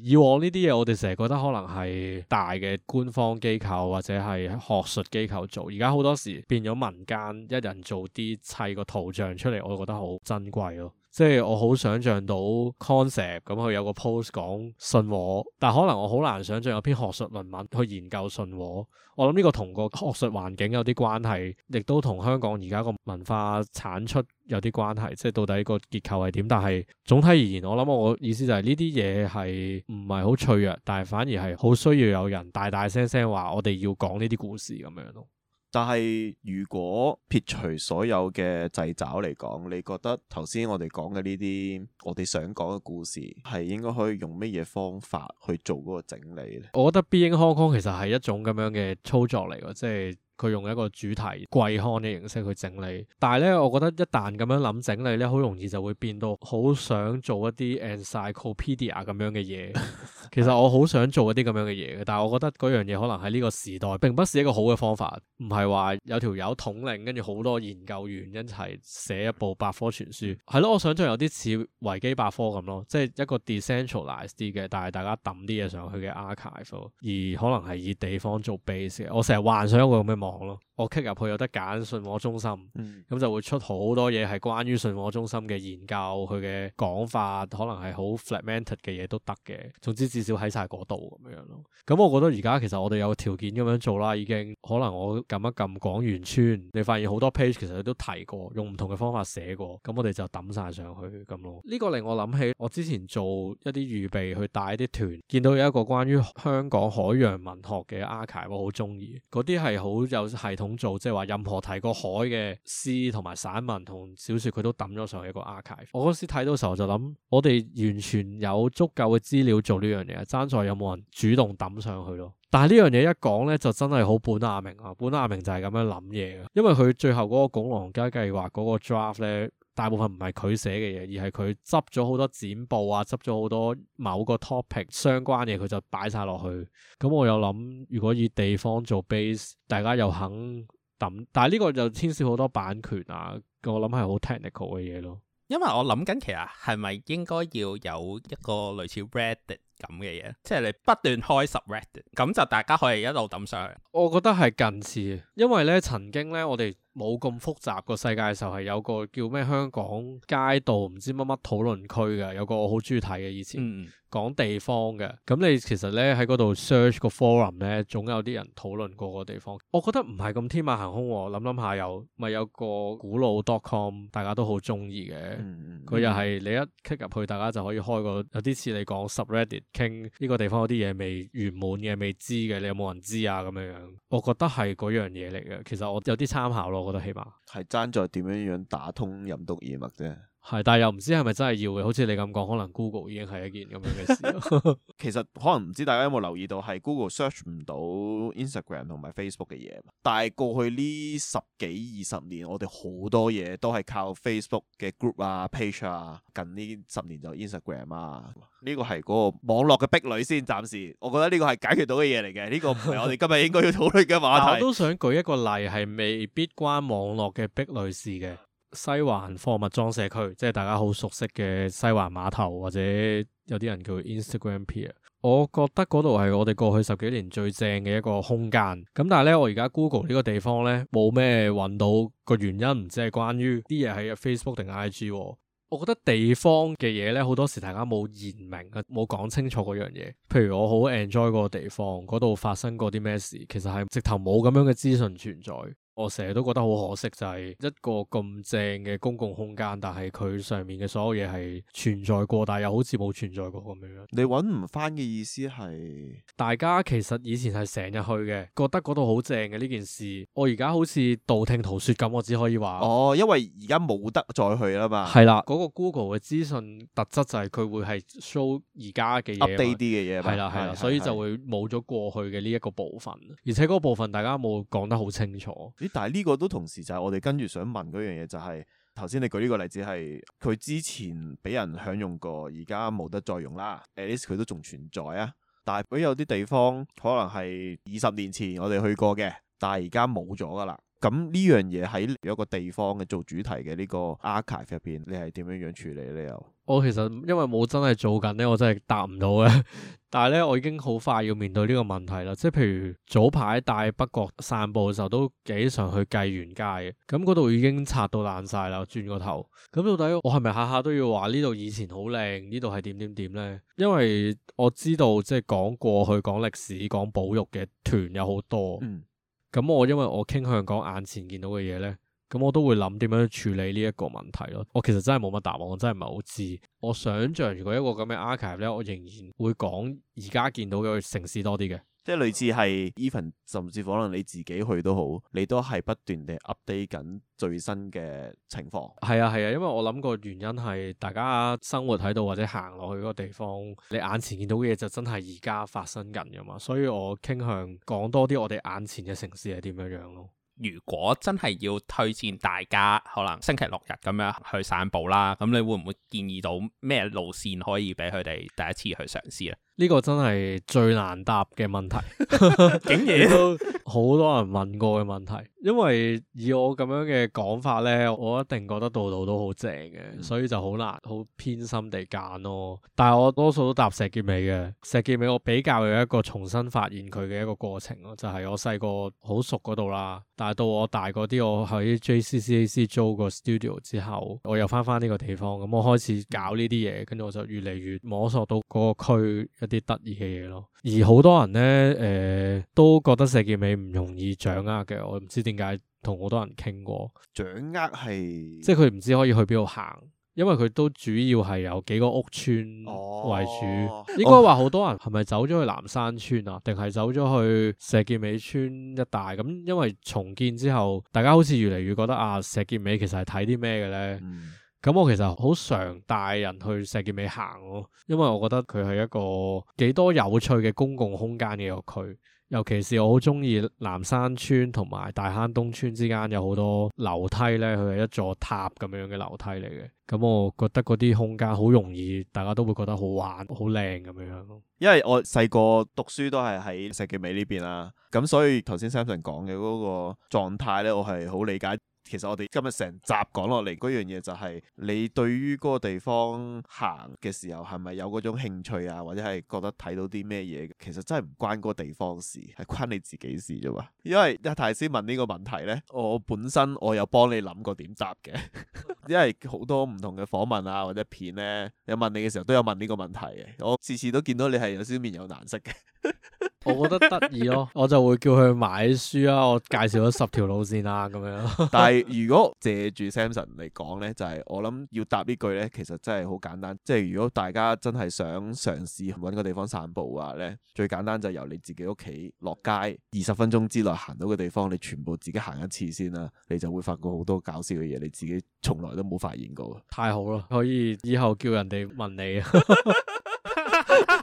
以往呢啲嘢，我哋成日覺得可能係大嘅官方機構或者係學術機構做。而家好多時變咗民間一人做啲砌個圖像出嚟，我覺得好珍貴咯。即係我好想象到 concept，咁佢有個 post 講信和，但可能我好難想象有篇學術論文去研究信和。我諗呢個同個學術環境有啲關係，亦都同香港而家個文化產出有啲關係。即係到底個結構係點？但係總體而言，我諗我意思就係呢啲嘢係唔係好脆弱，但係反而係好需要有人大大聲聲話我哋要講呢啲故事咁樣咯。但係如果撇除所有嘅掣肘嚟講，你覺得頭先我哋講嘅呢啲，我哋想講嘅故事係應該可以用咩嘢方法去做嗰個整理呢？我覺得 Being Hong Kong 其實係一種咁樣嘅操作嚟嘅，即係。佢用一個主題季刊嘅形式去整理，但係咧，我覺得一旦咁樣諗整理咧，好容易就會變到好想做一啲 Encyclopedia 咁樣嘅嘢。Like、 其實我好想做一啲咁樣嘅嘢嘅，但係我覺得樣嘢可能喺呢個時代並不是一個好嘅方法。唔係話有條友統領，跟住好多研究員一齊寫一部百科全書係咯？我想象有啲似維基百科咁咯，即係一個 decentralized 啲嘅，但係大家抌啲嘢上去嘅 archive，而可能係以地方做 base 嘅。我成日幻想一個咁嘅網。好了。我 k 入去有得揀信和中心，咁、嗯、就會出好多嘢係關於信和中心嘅研究，佢嘅講法可能係好 fragmented 嘅嘢都得嘅。總之至少喺晒嗰度咁樣咯。咁我覺得而家其實我哋有條件咁樣做啦，已經可能我撳一撳廣園村，你發現好多 page 其實都提過用唔同嘅方法寫過，咁我哋就抌晒上去咁咯。呢、這個令我諗起我之前做一啲預備去帶啲團見到有一個關於香港海洋文學嘅 archive，我好中意嗰啲係好有系統。做，即係話任何提過海嘅詩同埋散文同小說，佢都抌咗上去一個 archive。我嗰時睇到時候就諗，我哋完全有足夠嘅資料做呢樣嘢，爭在有冇人主動抌上去咯？但係呢樣嘢一講咧，就真係好本亞明啊！本亞明就係咁樣諗嘢嘅，因為佢最後嗰個拱廊街計劃嗰個 draft 咧。大部分唔係佢寫嘅嘢，而係佢執咗好多剪報啊，執咗好多某個 topic 相關嘅，佢就擺晒落去。咁我又諗，如果以地方做 base，大家又肯抌，但係呢個就牽涉好多版權啊。我諗係好 technical 嘅嘢咯。因為我諗緊，其實係咪應該要有一個類似 Reddit 咁嘅嘢，即係你不斷開 subreddit 咁就大家可以一路抌上去。我覺得係近似，因為咧曾經咧，我哋，冇咁複雜個世界嘅時候，係有個叫咩香港街道唔知乜乜討論區嘅，有個我好中意睇嘅以前、嗯、講地方嘅。咁你其實咧喺嗰度 search 個 forum 咧，總有啲人討論過個地方。我覺得唔係咁天馬行空，諗諗下有咪有個古老 dotcom，大家都好中意嘅。佢、嗯、又係你一 click 入去，大家就可以開個有啲似你講 subreddit 傾呢個地方有啲嘢未完滿嘅、未知嘅，你有冇人知啊？咁樣樣，我覺得係嗰樣嘢嚟嘅。其實我有啲參考咯。我覺得起碼係爭在點樣樣打通任督二脈啫。係，但係又唔知係咪真係要嘅？好似你咁講，可能 Google 已經係一件咁樣嘅事 其實可能唔知大家有冇留意到，係 Google search 唔到 Instagram 同埋 Facebook 嘅嘢。但係過去呢十幾二十年，我哋好多嘢都係靠 Facebook 嘅 group 啊、page 啊。近呢十年就 Instagram 啊，呢、這個係嗰個網絡嘅壁壘先。暫時，我覺得呢個係解決到嘅嘢嚟嘅。呢、這個唔係我哋今日應該要討論嘅話題。 我都想舉一個例，係未必關網絡嘅壁壘事嘅。西環貨物裝卸區，即係大家好熟悉嘅西環碼頭，或者有啲人叫 Instagram Pier。我覺得嗰度係我哋過去十幾年最正嘅一個空間。咁但係呢，我而家 Google 呢個地方呢，冇咩揾到個原因，唔知係關於啲嘢喺 Facebook 定 IG。我覺得地方嘅嘢呢，好多時大家冇言明啊，冇講清楚嗰樣嘢。譬如我好 enjoy 個地方，嗰度發生過啲咩事，其實係直頭冇咁樣嘅資訊存在。我成日都覺得好可惜，就係一個咁正嘅公共空間，但係佢上面嘅所有嘢係存在過，但係又好似冇存在過咁樣。你揾唔翻嘅意思係？大家其實以前係成日去嘅，覺得嗰度好正嘅呢件事，我而家好似道聽途說咁，我只可以話哦，因為而家冇得再去啦嘛。係啦，嗰個 Google 嘅資訊特質就係佢會係 show 而家嘅 update 啲嘅嘢，係啦係啦，所以就會冇咗過去嘅呢一個部分，而且嗰個部分大家冇講得好清楚。咦，但係呢個都同時就係我哋跟住想問嗰樣嘢，就係頭先你舉呢個例子係佢之前俾人享用過，而家冇得再用啦。At least, 佢都仲存在啊。但係如果有啲地方可能係二十年前我哋去過嘅，但係而家冇咗㗎喇。咁呢樣嘢喺有一個地方嘅做主題嘅呢個 archive 入邊，你係點樣樣處理呢？又我其實因為冇真係做緊呢，我真係答唔到嘅。 但係呢，我已經好快要面對呢個問題啦。即係譬如早排喺大北角散步嘅時候，都幾常去繼園街嘅。咁嗰度已經拆到爛晒啦，轉個頭。咁到底我係咪下下都要話呢度以前好靚？呢度係點點點呢？因為我知道即係講過去、講歷史、講保育嘅團有好多。嗯咁我因為我傾向講眼前見到嘅嘢咧，咁我都會諗點樣處理呢一個問題咯。我其實真係冇乜答案，我真係唔係好知。我想像如果一個咁嘅 archive 咧，我仍然會講而家見到嘅城市多啲嘅。即係類似係 even，甚至可能你自己去都好，你都係不斷地 update 緊最新嘅情況。係啊係啊，因為我諗個原因係大家生活喺度或者行落去嗰個地方，你眼前見到嘅嘢就真係而家發生緊㗎嘛，所以我傾向講多啲我哋眼前嘅城市係點樣樣咯。如果真係要推薦大家可能星期六日咁樣去散步啦，咁你會唔會建議到咩路線可以俾佢哋第一次去嘗試咧？呢個真係最難答嘅問題，竟然都好多人問過嘅問題，因為以我咁樣嘅講法咧，我一定覺得度度都好正嘅，所以就好難，好偏心地揀咯。但係我多數都答石硤尾嘅，石硤尾我比較有一個重新發現佢嘅一個過程咯，就係我細個好熟嗰度啦，但係到我大個啲，我喺 JCCAC 租個 studio 之後，我又翻返呢個地方，咁我開始搞呢啲嘢，跟住我就越嚟越摸索到嗰個區。一啲得意嘅嘢咯，而好多人呢，誒、呃、都覺得石硖尾唔容易掌握嘅，我唔知點解同好多人傾過。掌握係即係佢唔知可以去邊度行，因為佢都主要係由幾個屋村為主。哦、應該話好多人係咪走咗去南山村啊？定係走咗去石硖尾村一帶咁？因為重建之後，大家好似越嚟越覺得啊，石硖尾其實係睇啲咩嘅呢？嗯。咁我其實好常帶人去石硖尾行咯，因為我覺得佢係一個幾多有趣嘅公共空間嘅一個區，尤其是我好中意南山村同埋大坑東村之間有好多樓梯咧，佢係一座塔咁樣嘅樓梯嚟嘅。咁我覺得嗰啲空間好容易，大家都會覺得好玩、好靚咁樣咯。因為我細個讀書都係喺石硖尾呢邊啦，咁所以頭先 Sampson 講嘅嗰個狀態咧，我係好理解。其實我哋今日成集講落嚟，嗰樣嘢就係你對於嗰個地方行嘅時候係咪有嗰種興趣啊，或者係覺得睇到啲咩嘢？其實真係唔關嗰個地方事，係關你自己事啫嘛。因為阿泰先問呢個問題呢，我本身我有幫你諗過點答嘅， 因為好多唔同嘅訪問啊或者片呢，有問你嘅時候都有問呢個問題嘅。我次次都見到你係有笑面有難色嘅。 我覺得得意咯，我就會叫佢買書啊，我介紹咗十條路線啦，咁樣。 但係如果借住 Sampson 嚟講呢，就係、是、我諗要答呢句呢，其實真係好簡單。即係如果大家真係想嘗試搵個地方散步啊，呢最簡單就由你自己屋企落街二十分鐘之內行到嘅地方，你全部自己行一次先啦、啊，你就會發覺好多搞笑嘅嘢，你自己從來都冇發現過。太好啦，可以以後叫人哋問你。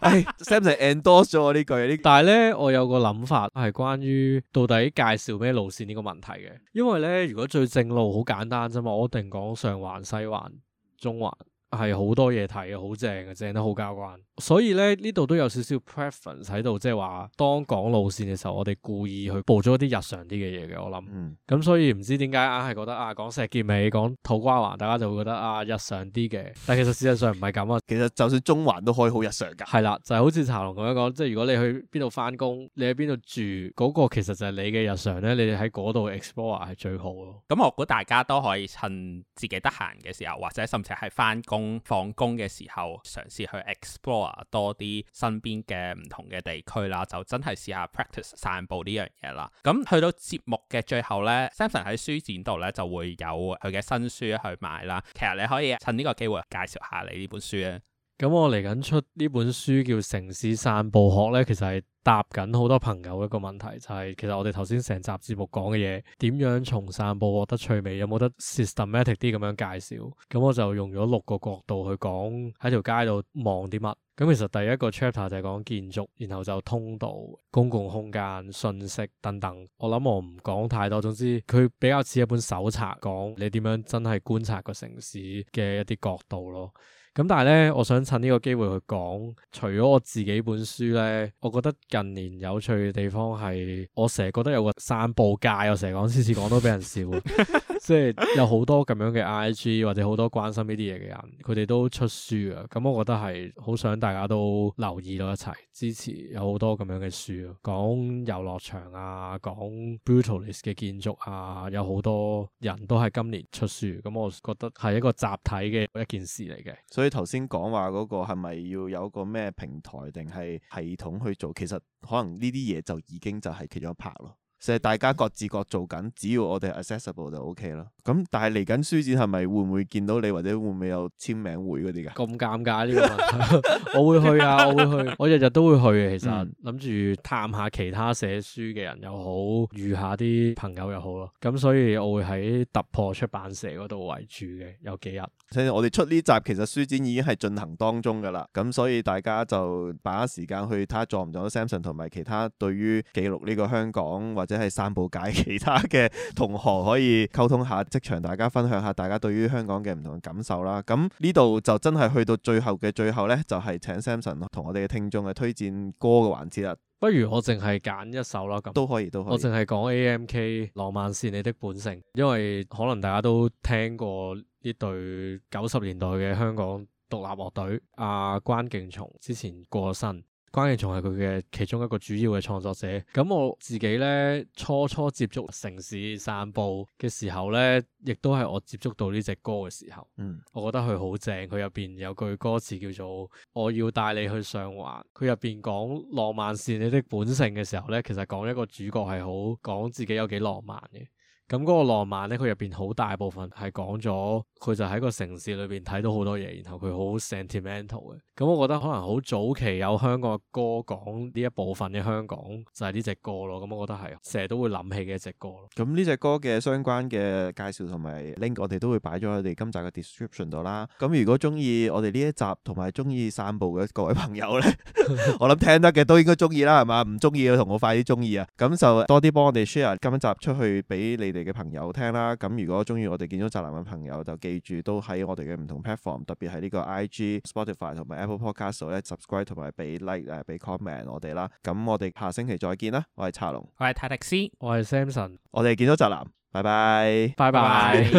唉、 哎、Sampson endorse 咗我呢句，但係咧我有個諗法係關於到底介紹咩路線呢個問題嘅，因為咧如果最正路好簡單啫嘛，我一定講上環、西環、中環。係好多嘢睇，嘅，好正嘅，正得好交關。所以咧，呢度都有少少 preference 喺度，即係話當講路線嘅時候，我哋故意去播咗一啲日常啲嘅嘢嘅。我諗，咁、嗯嗯、所以唔知點解硬係覺得啊，講石硖尾，講土瓜灣，大家就會覺得啊，日常啲嘅。但其實事實上唔係咁啊。其實就算中環都可以好日常噶。係啦，就係、是、好似茶龍咁樣講，即係如果你去邊度翻工，你喺邊度住，嗰、那個其實就係你嘅日常咧。你哋喺嗰度 explore 係最好咯。咁我估大家都可以趁自己得閒嘅時候，或者甚至係翻放工嘅時候，嘗試去 explore 多啲身邊嘅唔同嘅地區啦，就真係試下 practice 散步呢樣嘢啦。咁去到節目嘅最後呢，Samson 喺書展度呢，就會有佢嘅新書去買啦。其實你可以趁呢個機會介紹下你呢本書。咁我嚟緊出呢本書叫《城市散步學》咧，其實係答緊好多朋友一個問題，就係、是、其實我哋頭先成集節目講嘅嘢，點樣從散步獲得趣味，有冇得 systematic 啲咁樣介紹？咁我就用咗六個角度去講喺條街度望啲乜。咁其實第一個 chapter 就係講建築，然後就通道、公共空間、信息等等。我諗我唔講太多，總之佢比較似一本手冊，講你點樣真係觀察個城市嘅一啲角度咯。咁但係呢，我想趁呢個機會去講，除咗我自己本書呢，我覺得近年有趣嘅地方係，我成日覺得有個散步界，我成日講，次次講都俾人笑。 即係有好多咁樣嘅 IG 或者好多關心呢啲嘢嘅人，佢哋都出書啊！咁我覺得係好想大家都留意到一齊，支持有好多咁樣嘅書啊，講遊樂場啊，講 Brutalist 嘅建築啊，有好多人都係今年出書，咁我覺得係一個集體嘅一件事嚟嘅。所以頭先講話嗰個係咪要有個咩平台定係系統去做？其實可能呢啲嘢就已經就係其中一 part 咯。成日大家各自各做緊，只要我哋係 accessible 就 OK 啦。咁但係嚟緊書展係咪會唔會見到你，或者會唔會有簽名會嗰啲噶？咁尷尬呢、啊、個問題 我會去啊，我會去， 我日日都會去。嘅，其實諗住、嗯、探下其他寫書嘅人又好，遇下啲朋友又好咯。咁所以我會喺突破出版社嗰度為主嘅，有幾日。即係我哋出呢集，其實書展已經係進行當中噶啦。咁所以大家就把握時間去睇下撞唔撞到 Samson 同埋其他對於記錄呢個香港或者係散步界其他嘅同學可以溝通下。場，大家分享下大家對於香港嘅唔同感受啦，咁呢度就真係去到最後嘅最後呢，就係請 Samson 同我哋嘅聽眾去推薦歌嘅環節啦。不如我淨係揀一首啦，咁都可以，都可以。我淨係講 AMK《浪漫是你的本性》，因為可能大家都聽過呢隊九十年代嘅香港獨立樂隊，阿關勁松之前過身。關鍵仲係佢嘅其中一個主要嘅創作者。咁我自己咧，初初接觸城市散步嘅時候咧，亦都係我接觸到呢隻歌嘅時候，嗯，我覺得佢好正。佢入邊有句歌詞叫做「我要帶你去上環」，佢入邊講浪漫是你的本性嘅時候咧，其實講一個主角係好，講自己有幾浪漫嘅。咁嗰個浪漫咧，佢入邊好大部分係講咗，佢就喺個城市裏邊睇到好多嘢，然後佢好 sentimental 嘅。咁、嗯、我覺得可能好早期有香港嘅歌講呢一部分嘅香港就係呢隻歌咯。咁、嗯、我覺得係，成日都會諗起嘅一隻歌咯。咁呢隻歌嘅相關嘅介紹同埋 link，我哋都會擺咗喺我哋今集嘅 description 度啦。咁如果中意我哋呢一集同埋中意散步嘅各位朋友咧， 我諗聽得嘅都應該中意啦，係嘛？唔中意嘅同我快啲中意啊！咁就多啲幫我哋 share 今集出去俾你哋。嘅朋友聽啦，咁如果中意我哋建築宅男嘅朋友，就記住都喺我哋嘅唔同 platform，特別係呢個 IG、Spotify 同埋 Apple Podcast 咧，subscribe 同埋俾 like 啊，俾 comment 我哋啦。咁我哋下星期再見啦，我係茶龍，我係泰迪斯，我係 Sampson，我哋建築宅男，拜拜，拜拜。